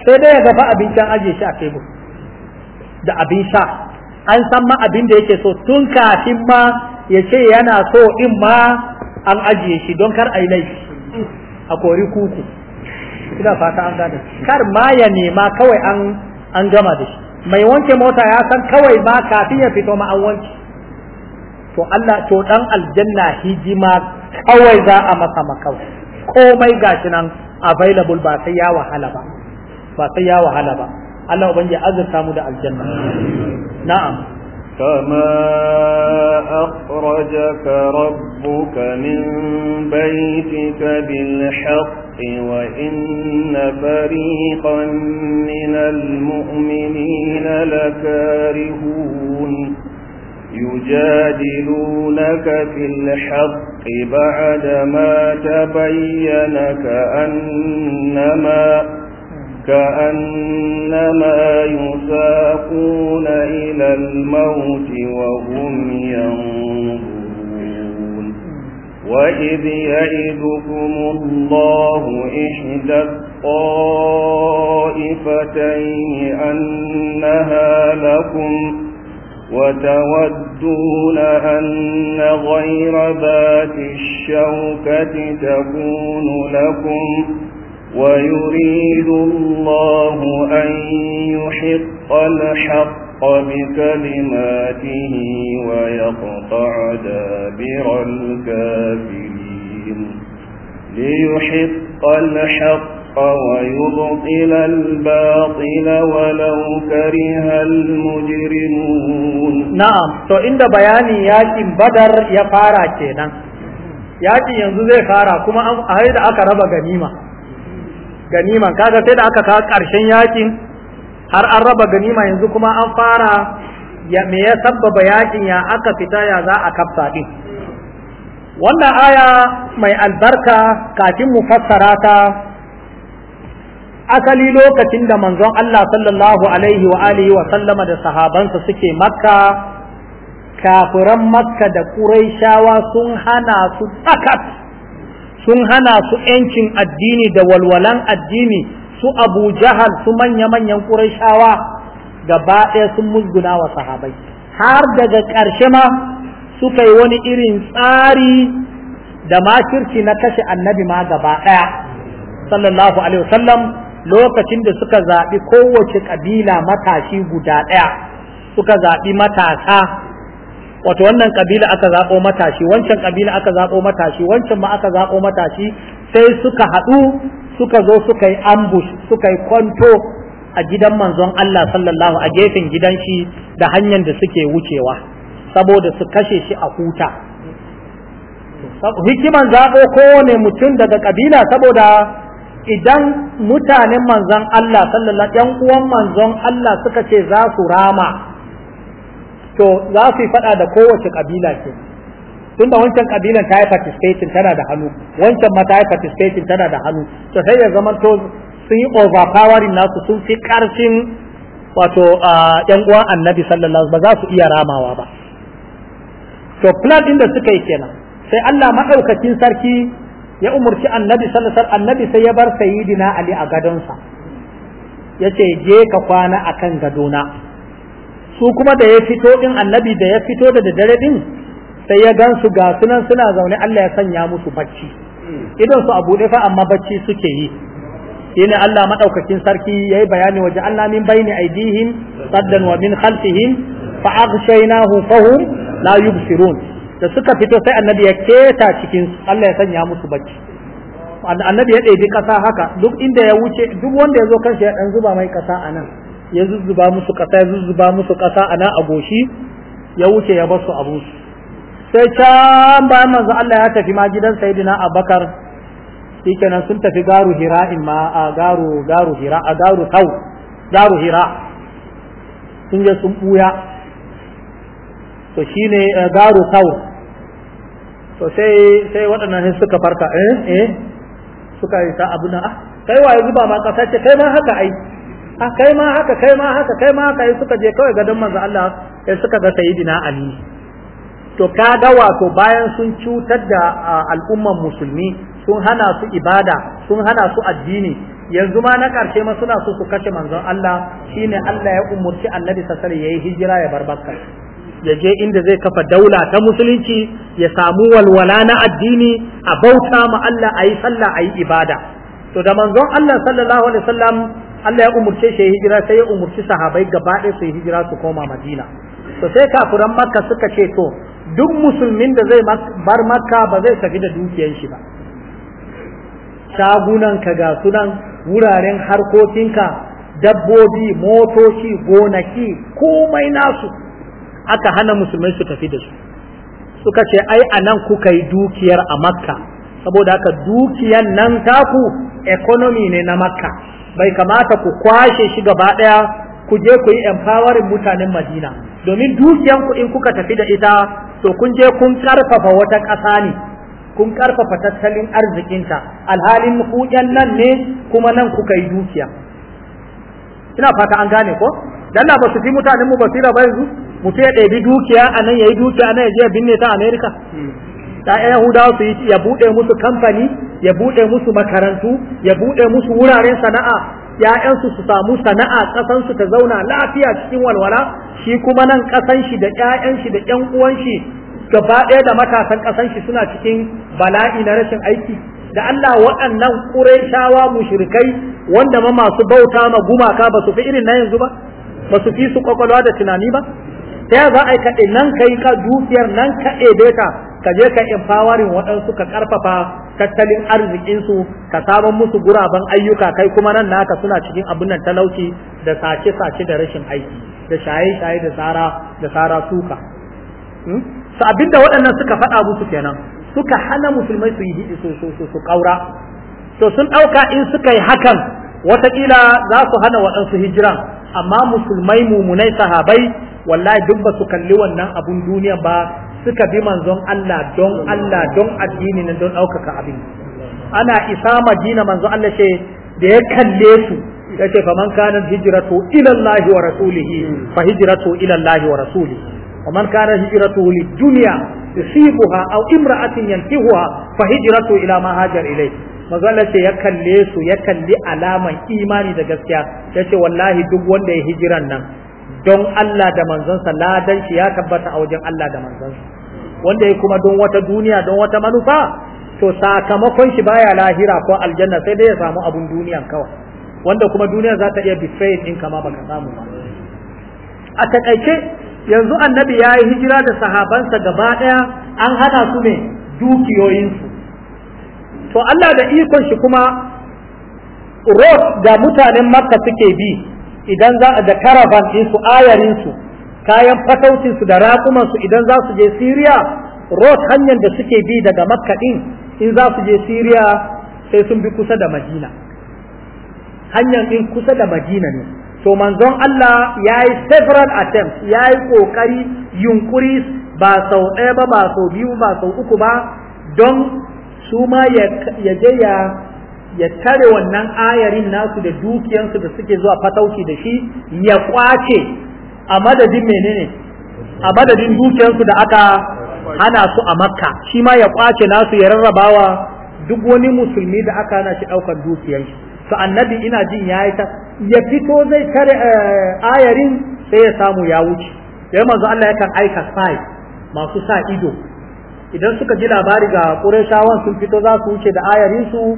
sai dai ya gafa abinci an aje shi a tebur da abin sha an san ma abin da yake so tun kafin ma ya ce yana so in ma an ajiye shi don kar a yi laifi a kori kuku ina fata an gane kar ma ya nema kawai an an gama da shi mai wanke mota ya san kawai ma kafin ya fito ma an wanke to Allah to dan aljanna hijima kawai za a masa makau komai gashi nan available ba sai ya wahala ba ba sai ya wahala ba Allah ubangiji azurta mu da aljanna na'am كما أخرجك ربك من بيتك بالحق وإن فريقا من المؤمنين لكارهون يجادلونك في الحق بعدما تبين كأنما كأنما يساقون إلى الموت وهم ينظرون وإذ يئذكم الله إحدى الطائفتين أنها لكم وتودون أن غير ذات الشوكة تكون لكم ويريد الله أن يحق الحق بكلماته ويقطع دابر الكافرين ليحق الحق ويبطل الباطل ولو كره المجرمون نعم تو عند بياني ياتي بدر يفارا كينا ياتي ينزل zai كما kuma an غنيمه ganiman kaga sai da aka kawo ƙarshen yakin har an raba ganima yanzu kuma an fara ya me ya sabbaba yakin ya aka fita ya za a kafsa din wannan aya mai albarka kafin mu fassara ta asali lokacin da manzon Allah sallallahu alaihi wa alihi wa sallama da sahabansa suke makka kafiran makka da ƙuraishawa sun hana su tsakat sun hana su ‘yancin addini da walwalan addini su abu jahal su manya-manyan ƙurashawa gaba ɗaya sun musguna wa sahabai har daga ƙarshe ma suka yi wani irin tsari da makirci na kashe annabi ma gaba ɗaya sallallahu alaihi wasallam lokacin da suka zaɓi kowace ƙabila matashi guda ɗaya suka zaɓi matasa wato wannan kabila aka zaɓo matashi wancan kabila aka zaɓo matashi wancan ma aka zaɓo matashi sai suka haɗu suka zo suka yi ambush suka yi kwanto a gidan manzon Allah sallallahu a gefen gidan shi da hanyar da suke wucewa saboda su kashe shi a huta hikiman zaɓo kowane mutum daga kabila saboda idan mutanen manzon Allah sallallahu yan uwan manzon Allah suka ce za su rama to za su yi faɗa da kowace ƙabila ce tun da wancan ƙabilan ta yi participating tana da hannu wancan ma yi participating tana da hannu to sai ya zama to sun yi overpowering nasu sun fi ƙarfin wato yan uwan annabi sallallahu ba za su iya ramawa ba to plan ɗin da suka yi kenan sai Allah maɗaukakin sarki ya umarci annabi sallallahu annabi sai ya bar sayyidina Ali a gadonsa yace je ka kwana akan gadona su kuma da ya fito din annabi da ya fito da dare din sai ya gan su ga sunan suna zaune Allah ya sanya musu bacci idan su abu fa amma bacci suke yi ina Allah madaukakin sarki yayi bayani waje Allah min bayni aidihim saddan wa min khalfihim fa aghshaynahu fahum la yubsirun da suka fito sai annabi ya keta cikin Allah ya sanya musu bacci annabi ya ɗebi ƙasa haka duk inda ya wuce duk wanda ya zo kanshi ya ɗan zuba mai ƙasa a nan ya zuzzuba musu ƙasa ya zuzzuba musu ƙasa a na agoshi ya wuce ya basu abu sai can bayan manzo Allah ya tafi ma gidan sayyidina Abubakar shikenan sun tafi garu hira in ma a garu garu hira a garu kau garu hira sun je sun buya to shine eh, garu kau to sai sai waɗannan suka farka eh eh suka yi ta abuna ah kai waye zuba ma ƙasa ce kai ma haka ai a ah, kai ma haka kai ma haka kai ma haka suka je kawai gadon manzo Allah sai suka ga sayyidina Ali to kaga wato bayan sun cutar da al'umman musulmi sun hana su ibada sun hana su addini yanzu ma na karshe ma suna so su kashe manzon Allah shine Allah ya umurci Annabi sallallahu alaihi hijira ya bar Makka ya je inda zai kafa daula ta musulunci ya samu walwala na addini a bauta ma Allah ayi sallah ayi ibada to da manzon Allah sallallahu alaihi wasallam Allah ya umurce shi hijira sai ya umurci sahabai gaba ɗaya su hijira su koma Madina to sai kafiran Makka suka ce to duk musulmin da zai bar Makka ba zai tafi da dukiyar shi ba shagunan ka ga sunan wuraren harkokinka dabbobi motoci gonaki komai nasu aka hana musulmai su tafi da su suka ce ai anan kuka yi dukiyar a Makka saboda haka dukiyan nan taku economy ne na Makka bai kamata ku kwashe shi gaba ɗaya ku je ku yi empowering mutanen Madina domin dukiyan ku in kuka tafi da ita to kun je kun karfafa wata ƙasa ne kun karfafa tattalin arzikinta alhalin kuɗin nan ne kuma nan kuka yi dukiya ina fata an gane ko dan ba su fi mutanen mu basira ba yanzu mutum ya ɗebi dukiya a nan ya yi dukiya a nan ya je binne ta America hmm. ɗaya yahudawa su yi ya buɗe musu kamfani ya buɗe musu makarantu ya buɗe musu wuraren sana'a ‘ya'yansu su samu sana'a su ta zauna lafiya cikin walwala shi kuma nan ƙasan shi da ‘ya'yan shi da ‘yan uwan shi gaba ɗaya da matasan ƙasan shi suna cikin bala'i na rashin aiki da Allah waɗannan ƙureshawa mushrikai wanda ma masu bauta ma gumaka ba su fi irin na yanzu ba ba su fi su kwakwalwa da tunani ba ta za a yi kaɗe nan ka yi ka dukiyar nan ka ɗebe ka je ka empowering waɗansu ka ƙarfafa tattalin arzikinsu ka saman musu guraben ayyuka kai kuma nan naka suna cikin abin nan talauci da sace-sace da rashin aiki da shaye-shaye da tsara da tsara suka hmm? su abinda waɗannan suka faɗa musu kenan suka hana musulmai su yi su ƙaura to sun ɗauka in suka yi hakan watakila za su hana waɗansu hijira amma musulmai mumunai sahabai wallahi duk ba su kalli wannan abun duniya ba suka bi manzon Allah don Allah don addini ne don ɗaukaka abin ana isa madina manzon Allah ce da ya kalle su ya ce faman kana hijratu ila Allah wa rasulihi fa hijratu ila Allah wa rasulihi ومن كان هجرته للدنيا يصيبها او امرأة ينتهها فهجرته الى ما ilai. Manzon Allah ce ya kalle su ya kalli alaman imani da gaskiya ya ce wallahi duk wanda ya hijiran nan don Allah da manzonsa ladan shi ya tabbata a wajen Allah da manzonsa wanda ya kuma don wata duniya don wata manufa to sakamakon shi baya lahira ko aljanna sai dai ya samu abun duniya kawai wanda kuma duniya za ta iya betrayed in kama baka samu ba a takaice yanzu annabi ya yi hijira da sahabansa gaba daya an hana su ne dukiyoyinsu to Allah da ikon shi kuma rot da mutanen makka suke bi idan za a da su ayarin su. kayan fataucinsu da raƙumansu idan za su je Siriya road hanyar da suke bi daga Makka in za su je Siriya sai sun bi kusa da Madina hanyar din kusa da Madina ne to manzon Allah ya yi several attempts ya yi ƙoƙari yunkuri ba sau ɗaya ba ba sau biyu ba sau uku ba don su ma ya je ya ya tare wannan ayarin nasu da dukiyansu da suke zuwa fatauci da shi ya kwace a madadin menene a madadin dukiyarsu da aka hana su a makka shi ma ya kwace nasu ya rarrabawa duk wani musulmi da aka hana shi daukar dukiyarsu su annabi ina jin ya yi ta ya fito zai kare eh, ayarin sai ya samu ya wuce sai manzo Allah yakan aika sai masu sa ido idan suka ji labari ga Qurayshawan sun fito za su wuce da ayarinsu su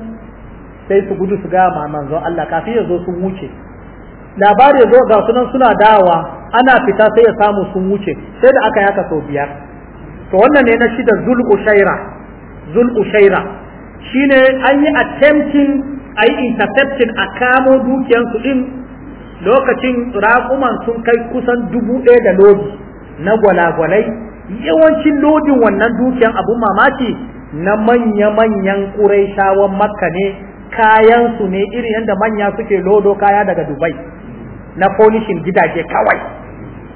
sai su gudu su ga manzo Allah kafin ya zo sun wuce labari ya zo ga sunan suna dawa ana fita sai ya samu sun wuce sai da aka yaka sau biyar to wannan ne na shida zul ushaira zul ushaira shine an yi attempting a yi intercepting a kamo dukiyansu din lokacin raƙuman sun kai kusan dubu ɗaya da lodi na gwalagwalai yawancin lodin wannan dukiyan abun mamaki na manya-manyan ƙuraishawan makka ne kayansu ne irin yadda manya suke lodo kaya daga dubai na polishin gidaje kawai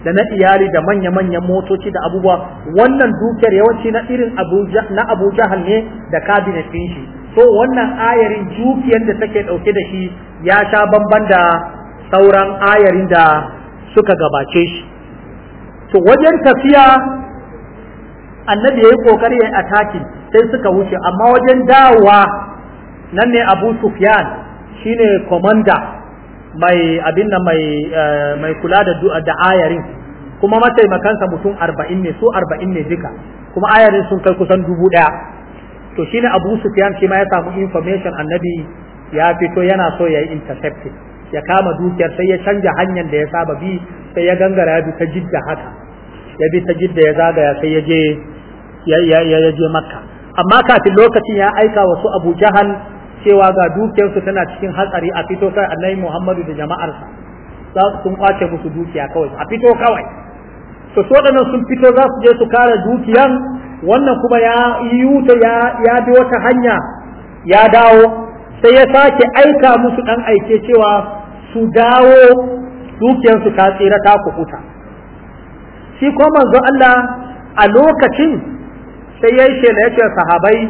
da na iyali da manya-manyan motoci da abubuwa wannan dukiyar yawanci na irin na Abuja jahal ne da kabinet ɗin shi so wannan ayarin dukiyar da take ɗauke da shi ya sha bamban da sauran ayarin da suka gabace shi to wajen tafiya annabi ya yi ƙoƙari ya ataki sai suka wuce amma wajen dawowa nan ne abu sufyan shine komanda mai abin nan mai eh, mai kula da da ayarin kuma mataimakansa mutum arba'in ne su arba'in ne duka kuma ayarin sun kai kusan dubu ɗaya to shine Abu Sufyan shi ma ya samu information annabi ya fito yana so ya yi intercepting ya kama dukiyar sai ya canja hanyar da ya saba bi sai ya gangara ya bi ta jidda haka ya bi ta jidda ya zagaya sai ya je ya je makka amma kafin lokacin ya aika wasu abu jahal cewa ga dukiyarsu tana cikin hatsari a fito kai annabi Muhammadu da jama'arsa za su sun kwace musu dukiya kawai a fito kawai to so da sun fito za su je su kare dukiyan wannan kuma ya yuta ya ya bi wata hanya ya dawo sai ya sake aika musu dan aike cewa su dawo dukiyarsu ta tsira ta kukuta shi ko manzo Allah a lokacin sai ya yi shela sahabai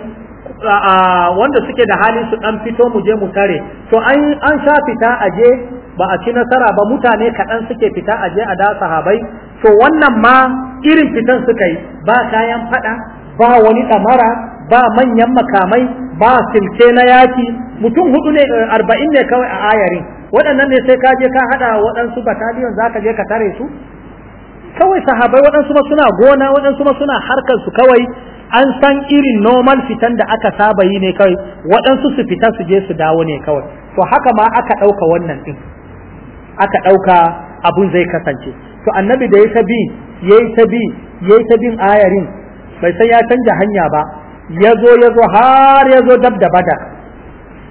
wanda suke da hali su dan fito mu je mu tare to an an sha fita aje ba a ci nasara ba mutane kaɗan suke fita aje a da sahabai to wannan ma irin fitan suka yi ba kayan fada ba wani ɗamara ba manyan makamai ba silke na yaki mutum hudu ne eh, arba'in ne kawai a ayarin waɗannan ne sai ka je ka haɗa waɗansu bataliyon za ka je ka tare su kawai sahabai waɗansu ma suna gona waɗansu ma suna harkar su kawai an san irin normal fitan da aka saba yi ne kawai waɗansu su fita su je su dawo ne kawai to haka ma aka ɗauka wannan ɗin aka ɗauka abun zai kasance to annabi da ya ta bi ya yi ta bi ya yi ta bin ayarin bai san ya canja hanya ba ya zo ya zo har ya zo dab da bada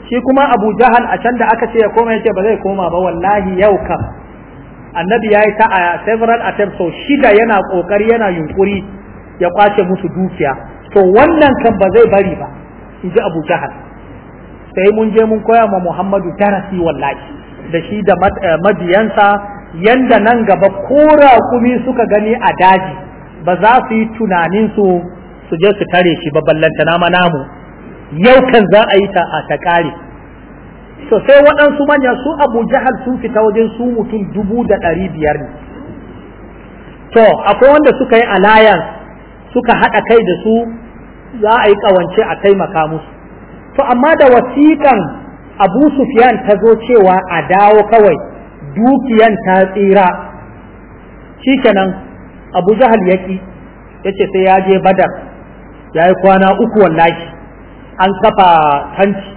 shi kuma abu jahal a can da aka ce ya koma ya ce ba zai koma ba wallahi yau kam annabi ya yi ta a several attempts so shida yana kokari yana yunkuri ya kwace musu dukiya to wannan kan ba zai bari ba in ji abu jahal sai mun je mun koya ma muhammadu darasi wallahi da shi da madiyansa eh, yanda nan gaba ko raƙumi suka gani a daji ba za su yi tunanin su su je su tare shi ba ballanta na namu yau kan za a yi ta a ta kare to sai waɗansu manya su abu jahal sun fita wajen su mutum dubu da ɗari biyar ne to akwai wanda suka yi alliance suka haɗa kai da su za a yi ƙawance a taimaka musu to amma da wasiƙan abu sufyan ta zo cewa a dawo kawai dukiyan ta tsira shikenan abu jahal ya ce sai ya je badar ya yi kwana uku wallahi an kafa tanti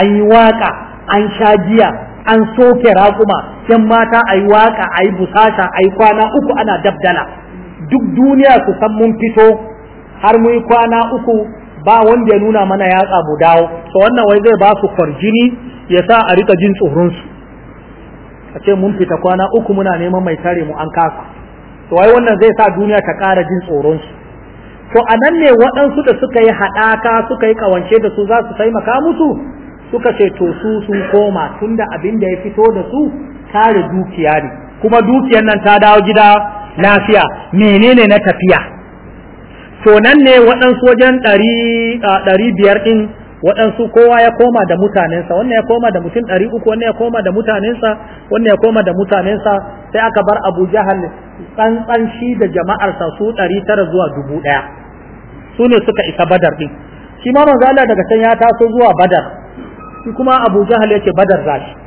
an yi waƙa an sha giya an soke raƙuma yan mata a yi waƙa a yi busasha, a yi kwana uku ana dabdala duk duniya su san mun fito har mun kwana uku ba wanda ya nuna mana yatsa tsabu dawo to wannan wai zai ba su kwarjini ya sa a rika jin tsoronsu a ce mun fita kwana uku muna neman mai tare mu an kasa to wai wannan zai sa duniya ta ƙara jin tsoronsu to a nan ne waɗansu da suka yi haɗaka suka yi ƙawance da su za su taimaka musu suka ce to su sun koma tunda abin da ya fito da su kare dukiya ne kuma dukiyar nan ta dawo gida lafiya menene na tafiya to nan ne waɗansu wajen ɗari biyar ɗin waɗansu kowa ya koma da mutanensa wannan ya koma da mutum ɗari uku wannan ya koma da mutanensa wannan ya koma da mutanensa sai aka bar abu jahal tsantsan shi da jama'arsa su ɗari tara zuwa dubu ɗaya su ne suka isa badar ɗin shi ma manzo Allah daga can ya taso zuwa badar shi kuma abu jahal yake badar zashi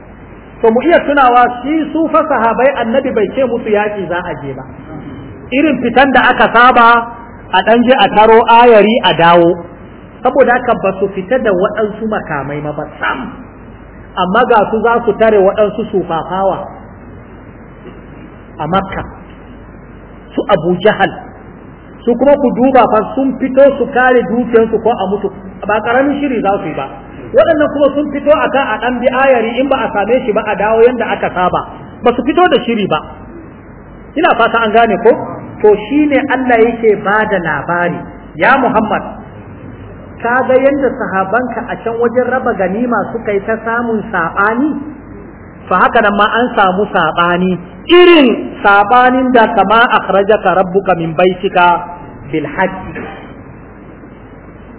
to mu iya tunawa shi su fa sahabai annabi bai ce musu yaƙi za a je ba irin fitan da aka saba a ɗan je a taro ayari a dawo saboda haka ba su fita da waɗansu makamai ma ba sam amma ga su za su tare waɗansu sufafawa a makka su abu jahal su kuma ku duba fa sun fito su kare dukiyarsu ko a mutu ba ƙaramin shiri za su yi ba waɗannan kuma sun fito a kan a ɗan biayari in ba a same shi ba a dawo yadda aka saba ba su fito da shiri ba ina fata an gane ko to shi ne Allah yake ba da labari ya Muhammad ka ga yadda sahabanka a can wajen raba ganima suka yi ta samun saɓani fa haka nan ma an samu saɓani irin saɓanin da kama akhrajaka rabbuka min baitika bil hajji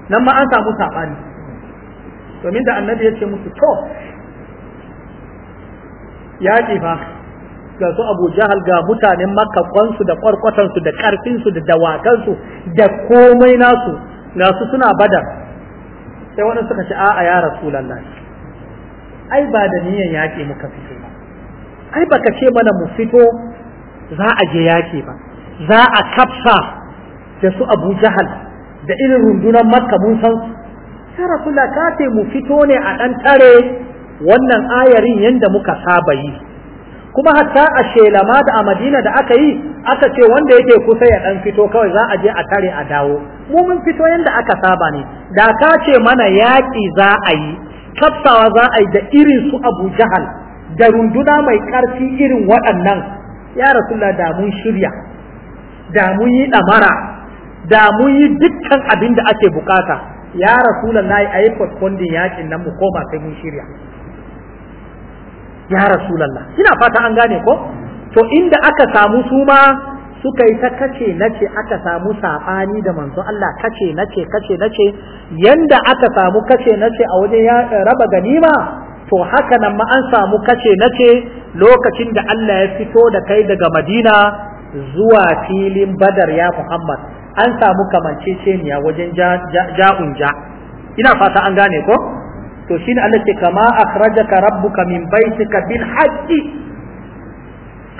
nan ma an samu saɓani domin da annabi ya ce musu to yaƙi fa ga su abu jahal ga mutanen makakwansu da kwarkwatansu da ƙarfinsu da dawakansu da komai nasu ga su suna badar sai wani suka ce a'a ya rasu lallai. ai ba da niyan yaƙi muka fito ba ai baka ce mana mu fito za a je yaƙi ba za a kafsa da su abu jahal da irin rundunar makka mun san ya rasula ka ce mu fito ne a ɗan tare wannan ayarin yadda muka saba yi kuma hatta a shelama da a madina da aka yi aka ce wanda yake kusa ya ɗan fito kawai za a je a tare a dawo mu mun fito yadda aka saba ne da ka ce mana yaƙi za a yi kafsawa za a yi da irin su abu jahal da runduna mai ƙarfi irin waɗannan ya rasulullah da mun shirya da mun yi ɗamara da mun yi dukkan abin da ake bukata ya rasulullahi ayi postponing yakin nan mu koma sai mun shirya ya rasulullah ina fata an gane ko to inda aka samu su ma suka yi ta kace nace aka samu sabani da manzo Allah kace nace kace nace yanda aka samu kace nace a wajen ya eh, raba ganima to haka nan ma an samu kace nace lokacin da Allah ya fito da kai daga Madina zuwa filin Badar ya Muhammad an samu kamanceceniya wajen ja'un ja ina fata an gane ko to shine Allah ce kama akhrajaka rabbuka min baitika bil haqqi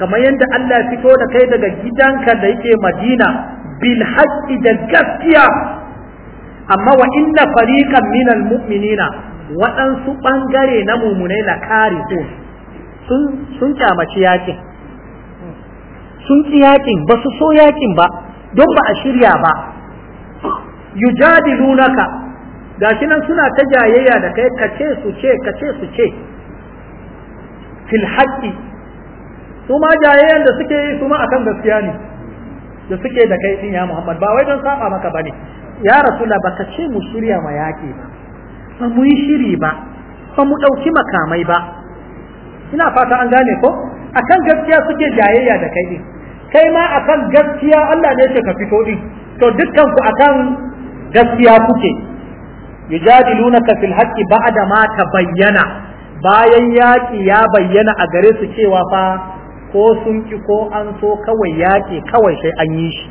kamar yadda Allah ya fito da kai daga gidanka da yake Madina bil haqqi da gaskiya amma wa inna fariqan minal mu'minina waɗansu ɓangare na mumunai la kari sun sun kyamaci yakin sun ki yakin ba su so yakin ba don ba a shirya ba yujadilunaka gashi nan suna ta jayayya da kai kace su ce kace su ce fil haqqi su ma jayayyan da suke yi su ma akan gaskiya ne da suke da kai din ya Muhammad ba wai don saba maka bane ya rasula baka ce mu shirya ma yaki ba ba mu yi shiri ba ba mu dauki makamai ba ina fata an gane ko akan gaskiya suke jayayya da kai din kai ma akan gaskiya Allah ne ce ka fito din to dukkan ku akan gaskiya kuke yujadilunaka fil haqqi ba'da ma tabayyana bayan yaƙi ya bayyana a gare su cewa fa ko sun ki ko an so kawai yaƙi kawai sai an yi shi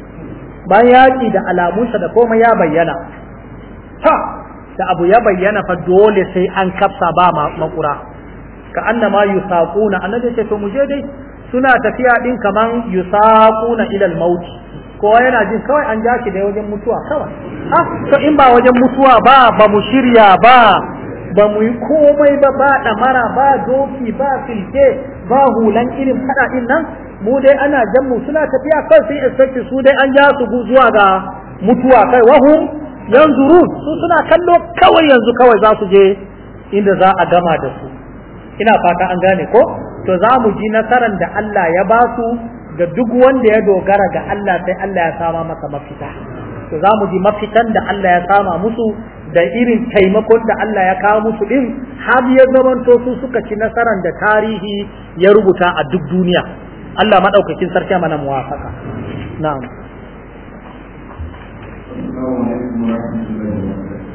bayan yaƙi da alamunsa da komai ya bayyana ha da abu ya bayyana fa dole sai an kafsa ba makura ka annama yusaquna annabi ce to mu je dai suna tafiya din kaman yusaquna ila al-maut ko yana jin kawai an jaki da wajen mutuwa kawai ha ah, to in ba wajen mutuwa ba ba mu shirya ba ba mu yi komai ba ba damara ba doki ba filke ba hulan irin fada din nan mu dai ana jan mu suna tafiya kan sai expect su dai an ja su zuwa ga mutuwa kai wahum yanzurun su suna kallo kawai yanzu kawai za su je inda za a gama da su ina fata an gane ko to za mu ji nasarar da Allah ya ba su ga duk wanda ya dogara ga Allah sai Allah ya sama masa mafita to za mu ji mafitan da Allah ya sama musu da irin taimakon da Allah ya kawo musu din har ya zamanto su suka ci nasarar da tarihi ya rubuta a duk duniya Allah madaukakin sarki mana muwafaka na'am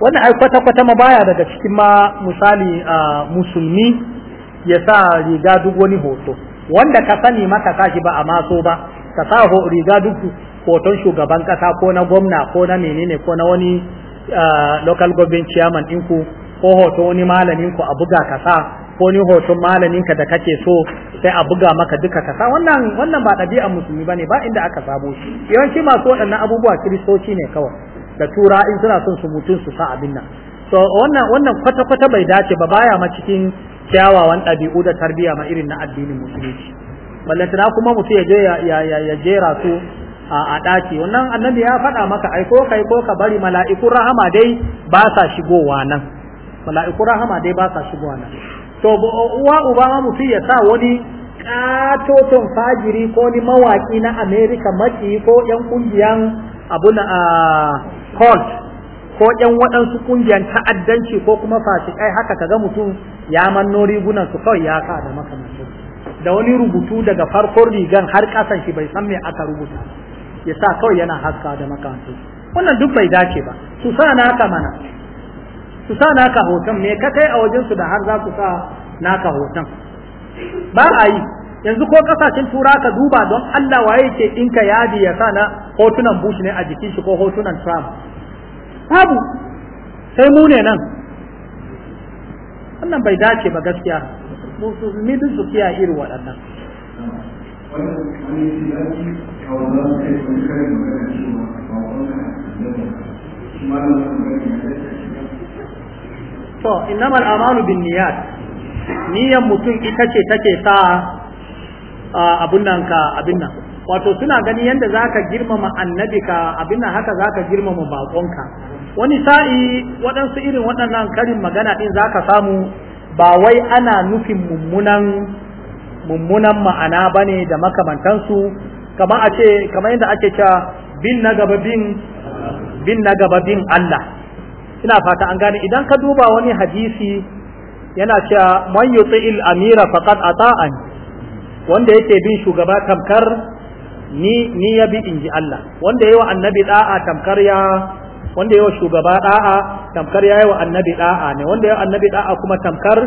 wannan ai kwata-kwata ma baya daga cikin ma misali a musulmi ya sa riga duk wani hoto wanda ka sani maka kashi ba a maso ba ka sa riga duk hoton shugaban kasa ko na gwamna ko na menene ko na wani local government chairman ɗinku ko hoton wani malamin ku a buga ka sa ko ni hoton malamin ka da kake so sai a buga maka duka ka sa wannan wannan ba ɗabi'a musulmi bane ba inda aka sabo shi yawanci masu waɗannan abubuwa kiristoci ne kawai da tura in suna son su mutun su sa abin nan so wannan wannan kwata kwata bai dace ba baya ma cikin kyawawan ɗabi'u da tarbiyya ma irin na addinin musulunci na kuma mutum ya je ya jera su a ɗaki wannan annabi ya faɗa maka ai ko kai ko ka bari mala'ikun rahama dai ba sa shigowa nan mala'ikun rahama dai ba sa shigowa nan to uwa uba ma mutum ya sa wani katoton fajiri ko ni mawaki na Amerika maki ko yan kungiyan abun a ah, cult ko yan waɗansu ƙungiyar ta'addanci ko kuma fasikai haka kaga mutum ya manno rigunan su kawai ya ka da makamancin da wani rubutu daga farkon rigan har ƙasan shi bai san me aka rubuta ya sa kawai yana haska da makamancin wannan duk bai dace ba su sa naka mana su sa naka hoton me ka kai a wajen su da har za ku sa naka hoton ba a yi yanzu ko kasashen tura ka duba don Allah waye ke ɗinka yadi ya sa na hotunan Bush ne a jikin shi ko hotunan Trump babu sai mu ne nan wannan bai dace ba gaskiya musulmi duk su kiya irin waɗannan to innamal amalu bin niyyat Niyan mutum ita ce take sa abun nan ka abin nan wato suna gani yadda za ka girmama annabika, ka abin nan haka za ka girmama bakonka wani sa'i waɗansu irin waɗannan karin magana ɗin za ka samu ba wai ana nufin mummunan mummunan ma'ana ba ne da makamantansu kama a ce kama yadda ake cewa bin na gaba bin bin na gaba bin Allah ina fata an gane idan ka duba wani hadisi yana cewa man yuti'il amira faqad ata'ani wanda yake bin shugaba tamkar ni ni ya bi inji Allah wanda yayi wa annabi da'a tamkar ya wanda yayi wa shugaba da'a tamkar yayi wa annabi da'a ne wanda yayi wa annabi da'a kuma tamkar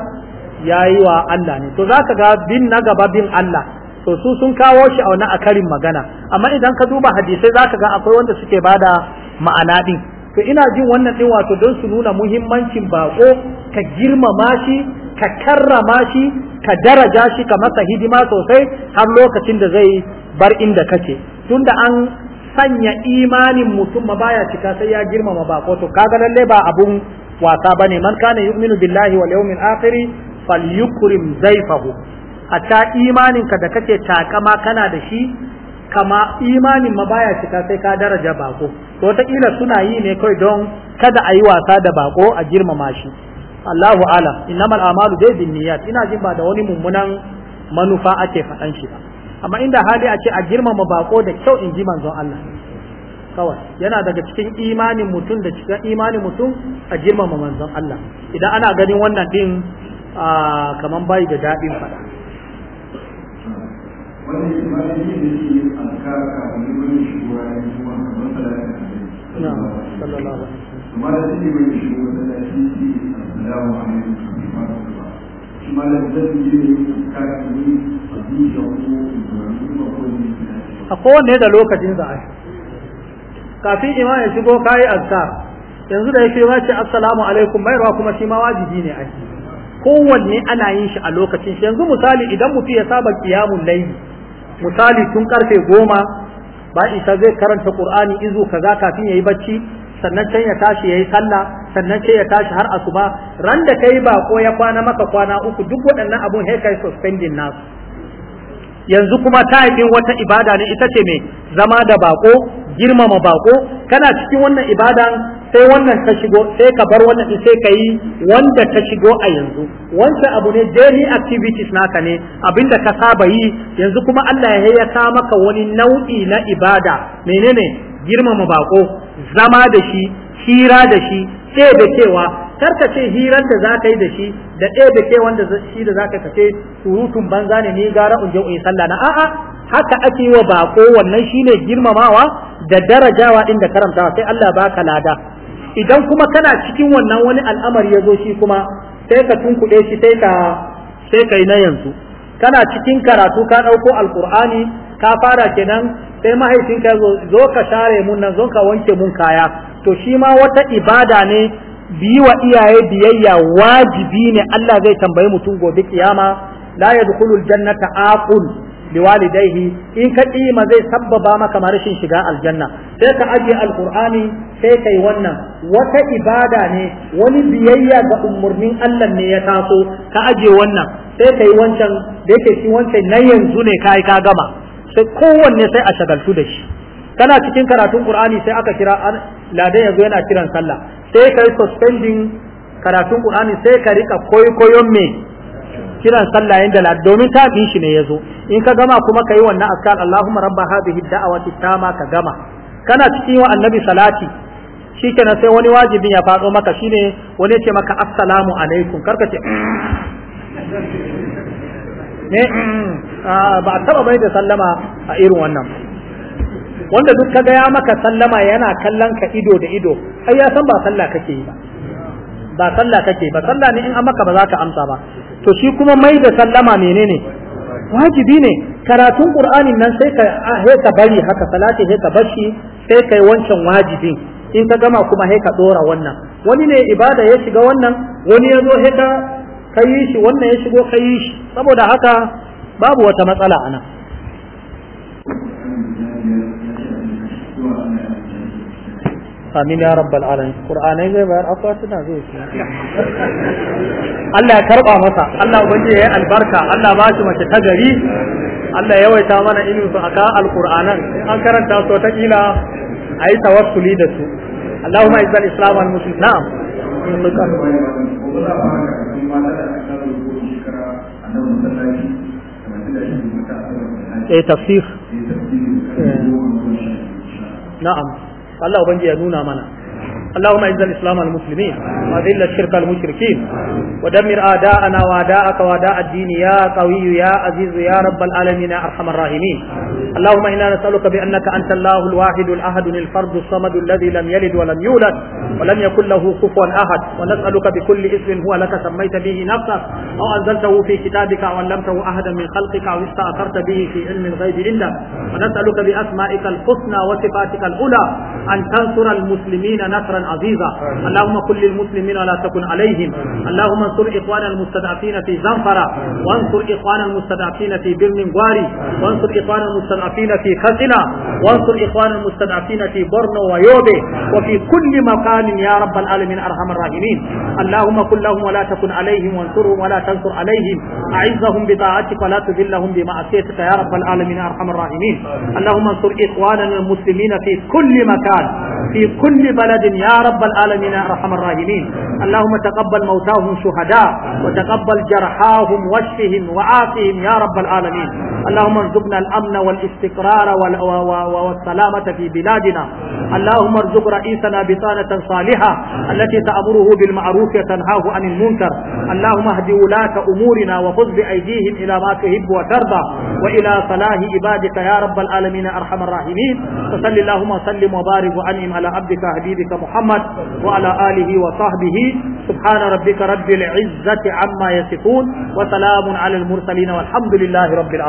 yayi wa Allah ne to zaka ga bin na gaba bin Allah to su sun kawo shi a wani akarin karin magana amma idan ka duba hadisai zaka ga akwai wanda suke bada ma'ana din to ina jin wannan din wato don su nuna muhimmancin bako ka girmama shi ka karrama shi ka daraja shi ka masa hidima sosai har lokacin da zai bar inda kake tunda an sanya imanin mutum ma baya cika sai ya girmama bako to kaga lalle ba abun wasa bane man kana yu'minu billahi wal yawmil akhir falyukrim zaifahu hatta imaninka da kake takama kana da shi kama imanin ma baya cika sai ka daraja bako to wataƙila suna yi ne kawai don kada a yi wasa da bako a girmama shi Allahu alam innamal amalu dai bin niyyat ina jin ba da wani mummunan manufa ake faɗan shi ba amma inda hali a ce a girmama bako da kyau in ji manzon Allah kawai yana daga cikin imanin mutum da cikin imanin mutum a girmama manzon Allah idan ana ganin wannan din ah, kaman bai da daɗin faɗa wannan shi ma da shi da shi alka kafin wani shigo a yin shigo a kamar salatin da shi sallallahu alaihi kuma da shi wani shigo da da shi shi assalamu alaikum wa rahmatullah shi ma da zai yi ne kafin ni a duniya ko kuma ko ne a kowane da lokacin da ai kafin imam ya shigo kai azkar yanzu da yake wace assalamu alaikum mai ruwa kuma shi ma wajibi ne ai kowanne ana yin shi a lokacin shi yanzu misali idan mutum ya saba kiyamun laili misali tun karfe goma ba isa zai karanta qur'ani izu kaza kafin yayi bacci sannan can ya tashi yayi sallah sannan sai ya tashi har asuba ran da kai ba ko ya kwana maka kwana uku duk waɗannan abun sai kai suspending nasu yanzu kuma ta yi wata ibada ne ita ce mai zama da bako girmama bako kana cikin wannan ibada sai wannan ka shigo sai ka bar wannan din sai ka yi wanda ka shigo a yanzu wancan abu ne daily activities naka ne abinda ka saba yi yanzu kuma Allah ya ya maka wani nau'i na ibada menene girmama bako zama da shi hira da shi sai da cewa karka ce hirar da za yi da shi da ɗaya da ke wanda shi da za ka kace surutun banza ne ni gara in je in sallah na a'a haka ake wa bako wannan shine girmamawa da darajawa inda da karamtawa sai Allah baka lada idan kuma kana cikin wannan wani al'amari ya zo shi kuma sai ka tunkuɗe shi sai ka sai kai na yanzu kana cikin karatu ka ɗauko alkur'ani ka fara kenan sai mahaifinka zo ka share mun nan zo ka wanke mun kaya to shi ma wata ibada ne biyi wa iyaye biyayya wajibi ne Allah zai tambayi mutum gobe kiyama la yadkhulul jannata aqul liwalidaihi in ka ma zai sabbaba maka rashin shiga aljanna sai ka ajiye alqur'ani sai kai wannan wata ibada ne wani biyayya ga umarnin Allah ne ya taso ka ajiye wannan sai kai wancan da yake shi wancan na yanzu ne kai ka gama sai kowanne sai a shagaltu da shi kana cikin karatun qur'ani sai aka kira ladan yanzu yana kiran sallah sai kai suspending karatun ƙur'ani sai ka rika koyon me kiran sallah yanda la domin ta bi shi ne yazo in ka gama kuma kai wannan askar Allahumma rabba hadhihi da'awati tama ka gama kana cikin wa annabi salati shikenan sai wani wajibin ya faɗo maka shine wani ce maka assalamu alaikum karka ce ne eh, eh, eh, ah, ba a taba bai da sallama a irin wannan wanda duk kaga ya maka sallama yana kallon ka ido da ido ai ya san ba sallah kake yi ba ba sallah kake ba sallah ne in an maka ba za ka amsa ba to shi kuma mai da sallama menene wajibi ne karatun qur'anin nan sai ka ah, sai ka bari haka salati sai ka bashi sai kai wancan wajibin in ka gama kuma sai ka dora wannan wani ne ibada ya shiga wannan wani ya zo sai ka kai shi wannan ya shigo kai shi saboda haka babu wata matsala anan amin ya rabbal alamin qur'anai zai bayar akwatuna zai shi Allah ya karba masa Allah ubangiji ya albarka Allah ba shi mace ta gari Allah ya yawaita mana ilmin su aka alqur'anan an karanta su ta kila ayi tawassuli da su Allahumma izza al-islam wal muslimin na'am eh tafsir eh. na'am Allah ubangiji ya nuna mana اللهم اعز الاسلام المسلمين واذل الشرك المشركين ودمر اعداءنا واعداءك واعداء الدين يا قوي يا عزيز يا رب العالمين يا ارحم الراحمين اللهم انا نسالك بانك انت الله الواحد الاحد الفرد الصمد الذي لم يلد ولم يولد ولم يكن له كفوا احد ونسالك بكل اسم هو لك سميت به نفسك او انزلته في كتابك او علمته احدا من خلقك او استاثرت به في علم الغيب عندك ونسالك باسمائك الحسنى وصفاتك الاولى ان تنصر المسلمين نصرا عزيزا اللهم كل المسلمين ولا تكن عليهم اللهم انصر إخوان المستضعفين في زنفرة وانصر إخوان المستضعفين في برمنغواري وانصر إخوان المستضعفين في كسلة وانصر إخوان المستضعفين في بورنو ويوبي وفي كل مكان يا رب العالمين أرحم الراحمين اللهم كن لهم ولا تكن عليهم وانصرهم ولا تنصر عليهم أعزهم بطاعتك ولا تذلهم بمعصيتك يا رب العالمين أرحم الراحمين اللهم انصر إخواننا المسلمين في كل مكان في كل بلد يا يا رب العالمين ارحم الراحمين اللهم تقبل موتاهم شهداء وتقبل جرحاهم واشفهم وعافهم يا رب العالمين اللهم ارزقنا الامن والاستقرار والسلامه في بلادنا اللهم ارزق رئيسنا بطانه صالحه التي تامره بالمعروف وتنهاه عن المنكر اللهم اهد ولاة امورنا وخذ بايديهم الى ما تحب وترضى والى صلاح عبادك يا رب العالمين ارحم الراحمين فصل اللهم وسلم وبارك وانعم على عبدك حبيبك محمد محمد وعلى آله وصحبه سبحان ربك رب العزة عما يصفون وسلام على المرسلين والحمد لله رب العالمين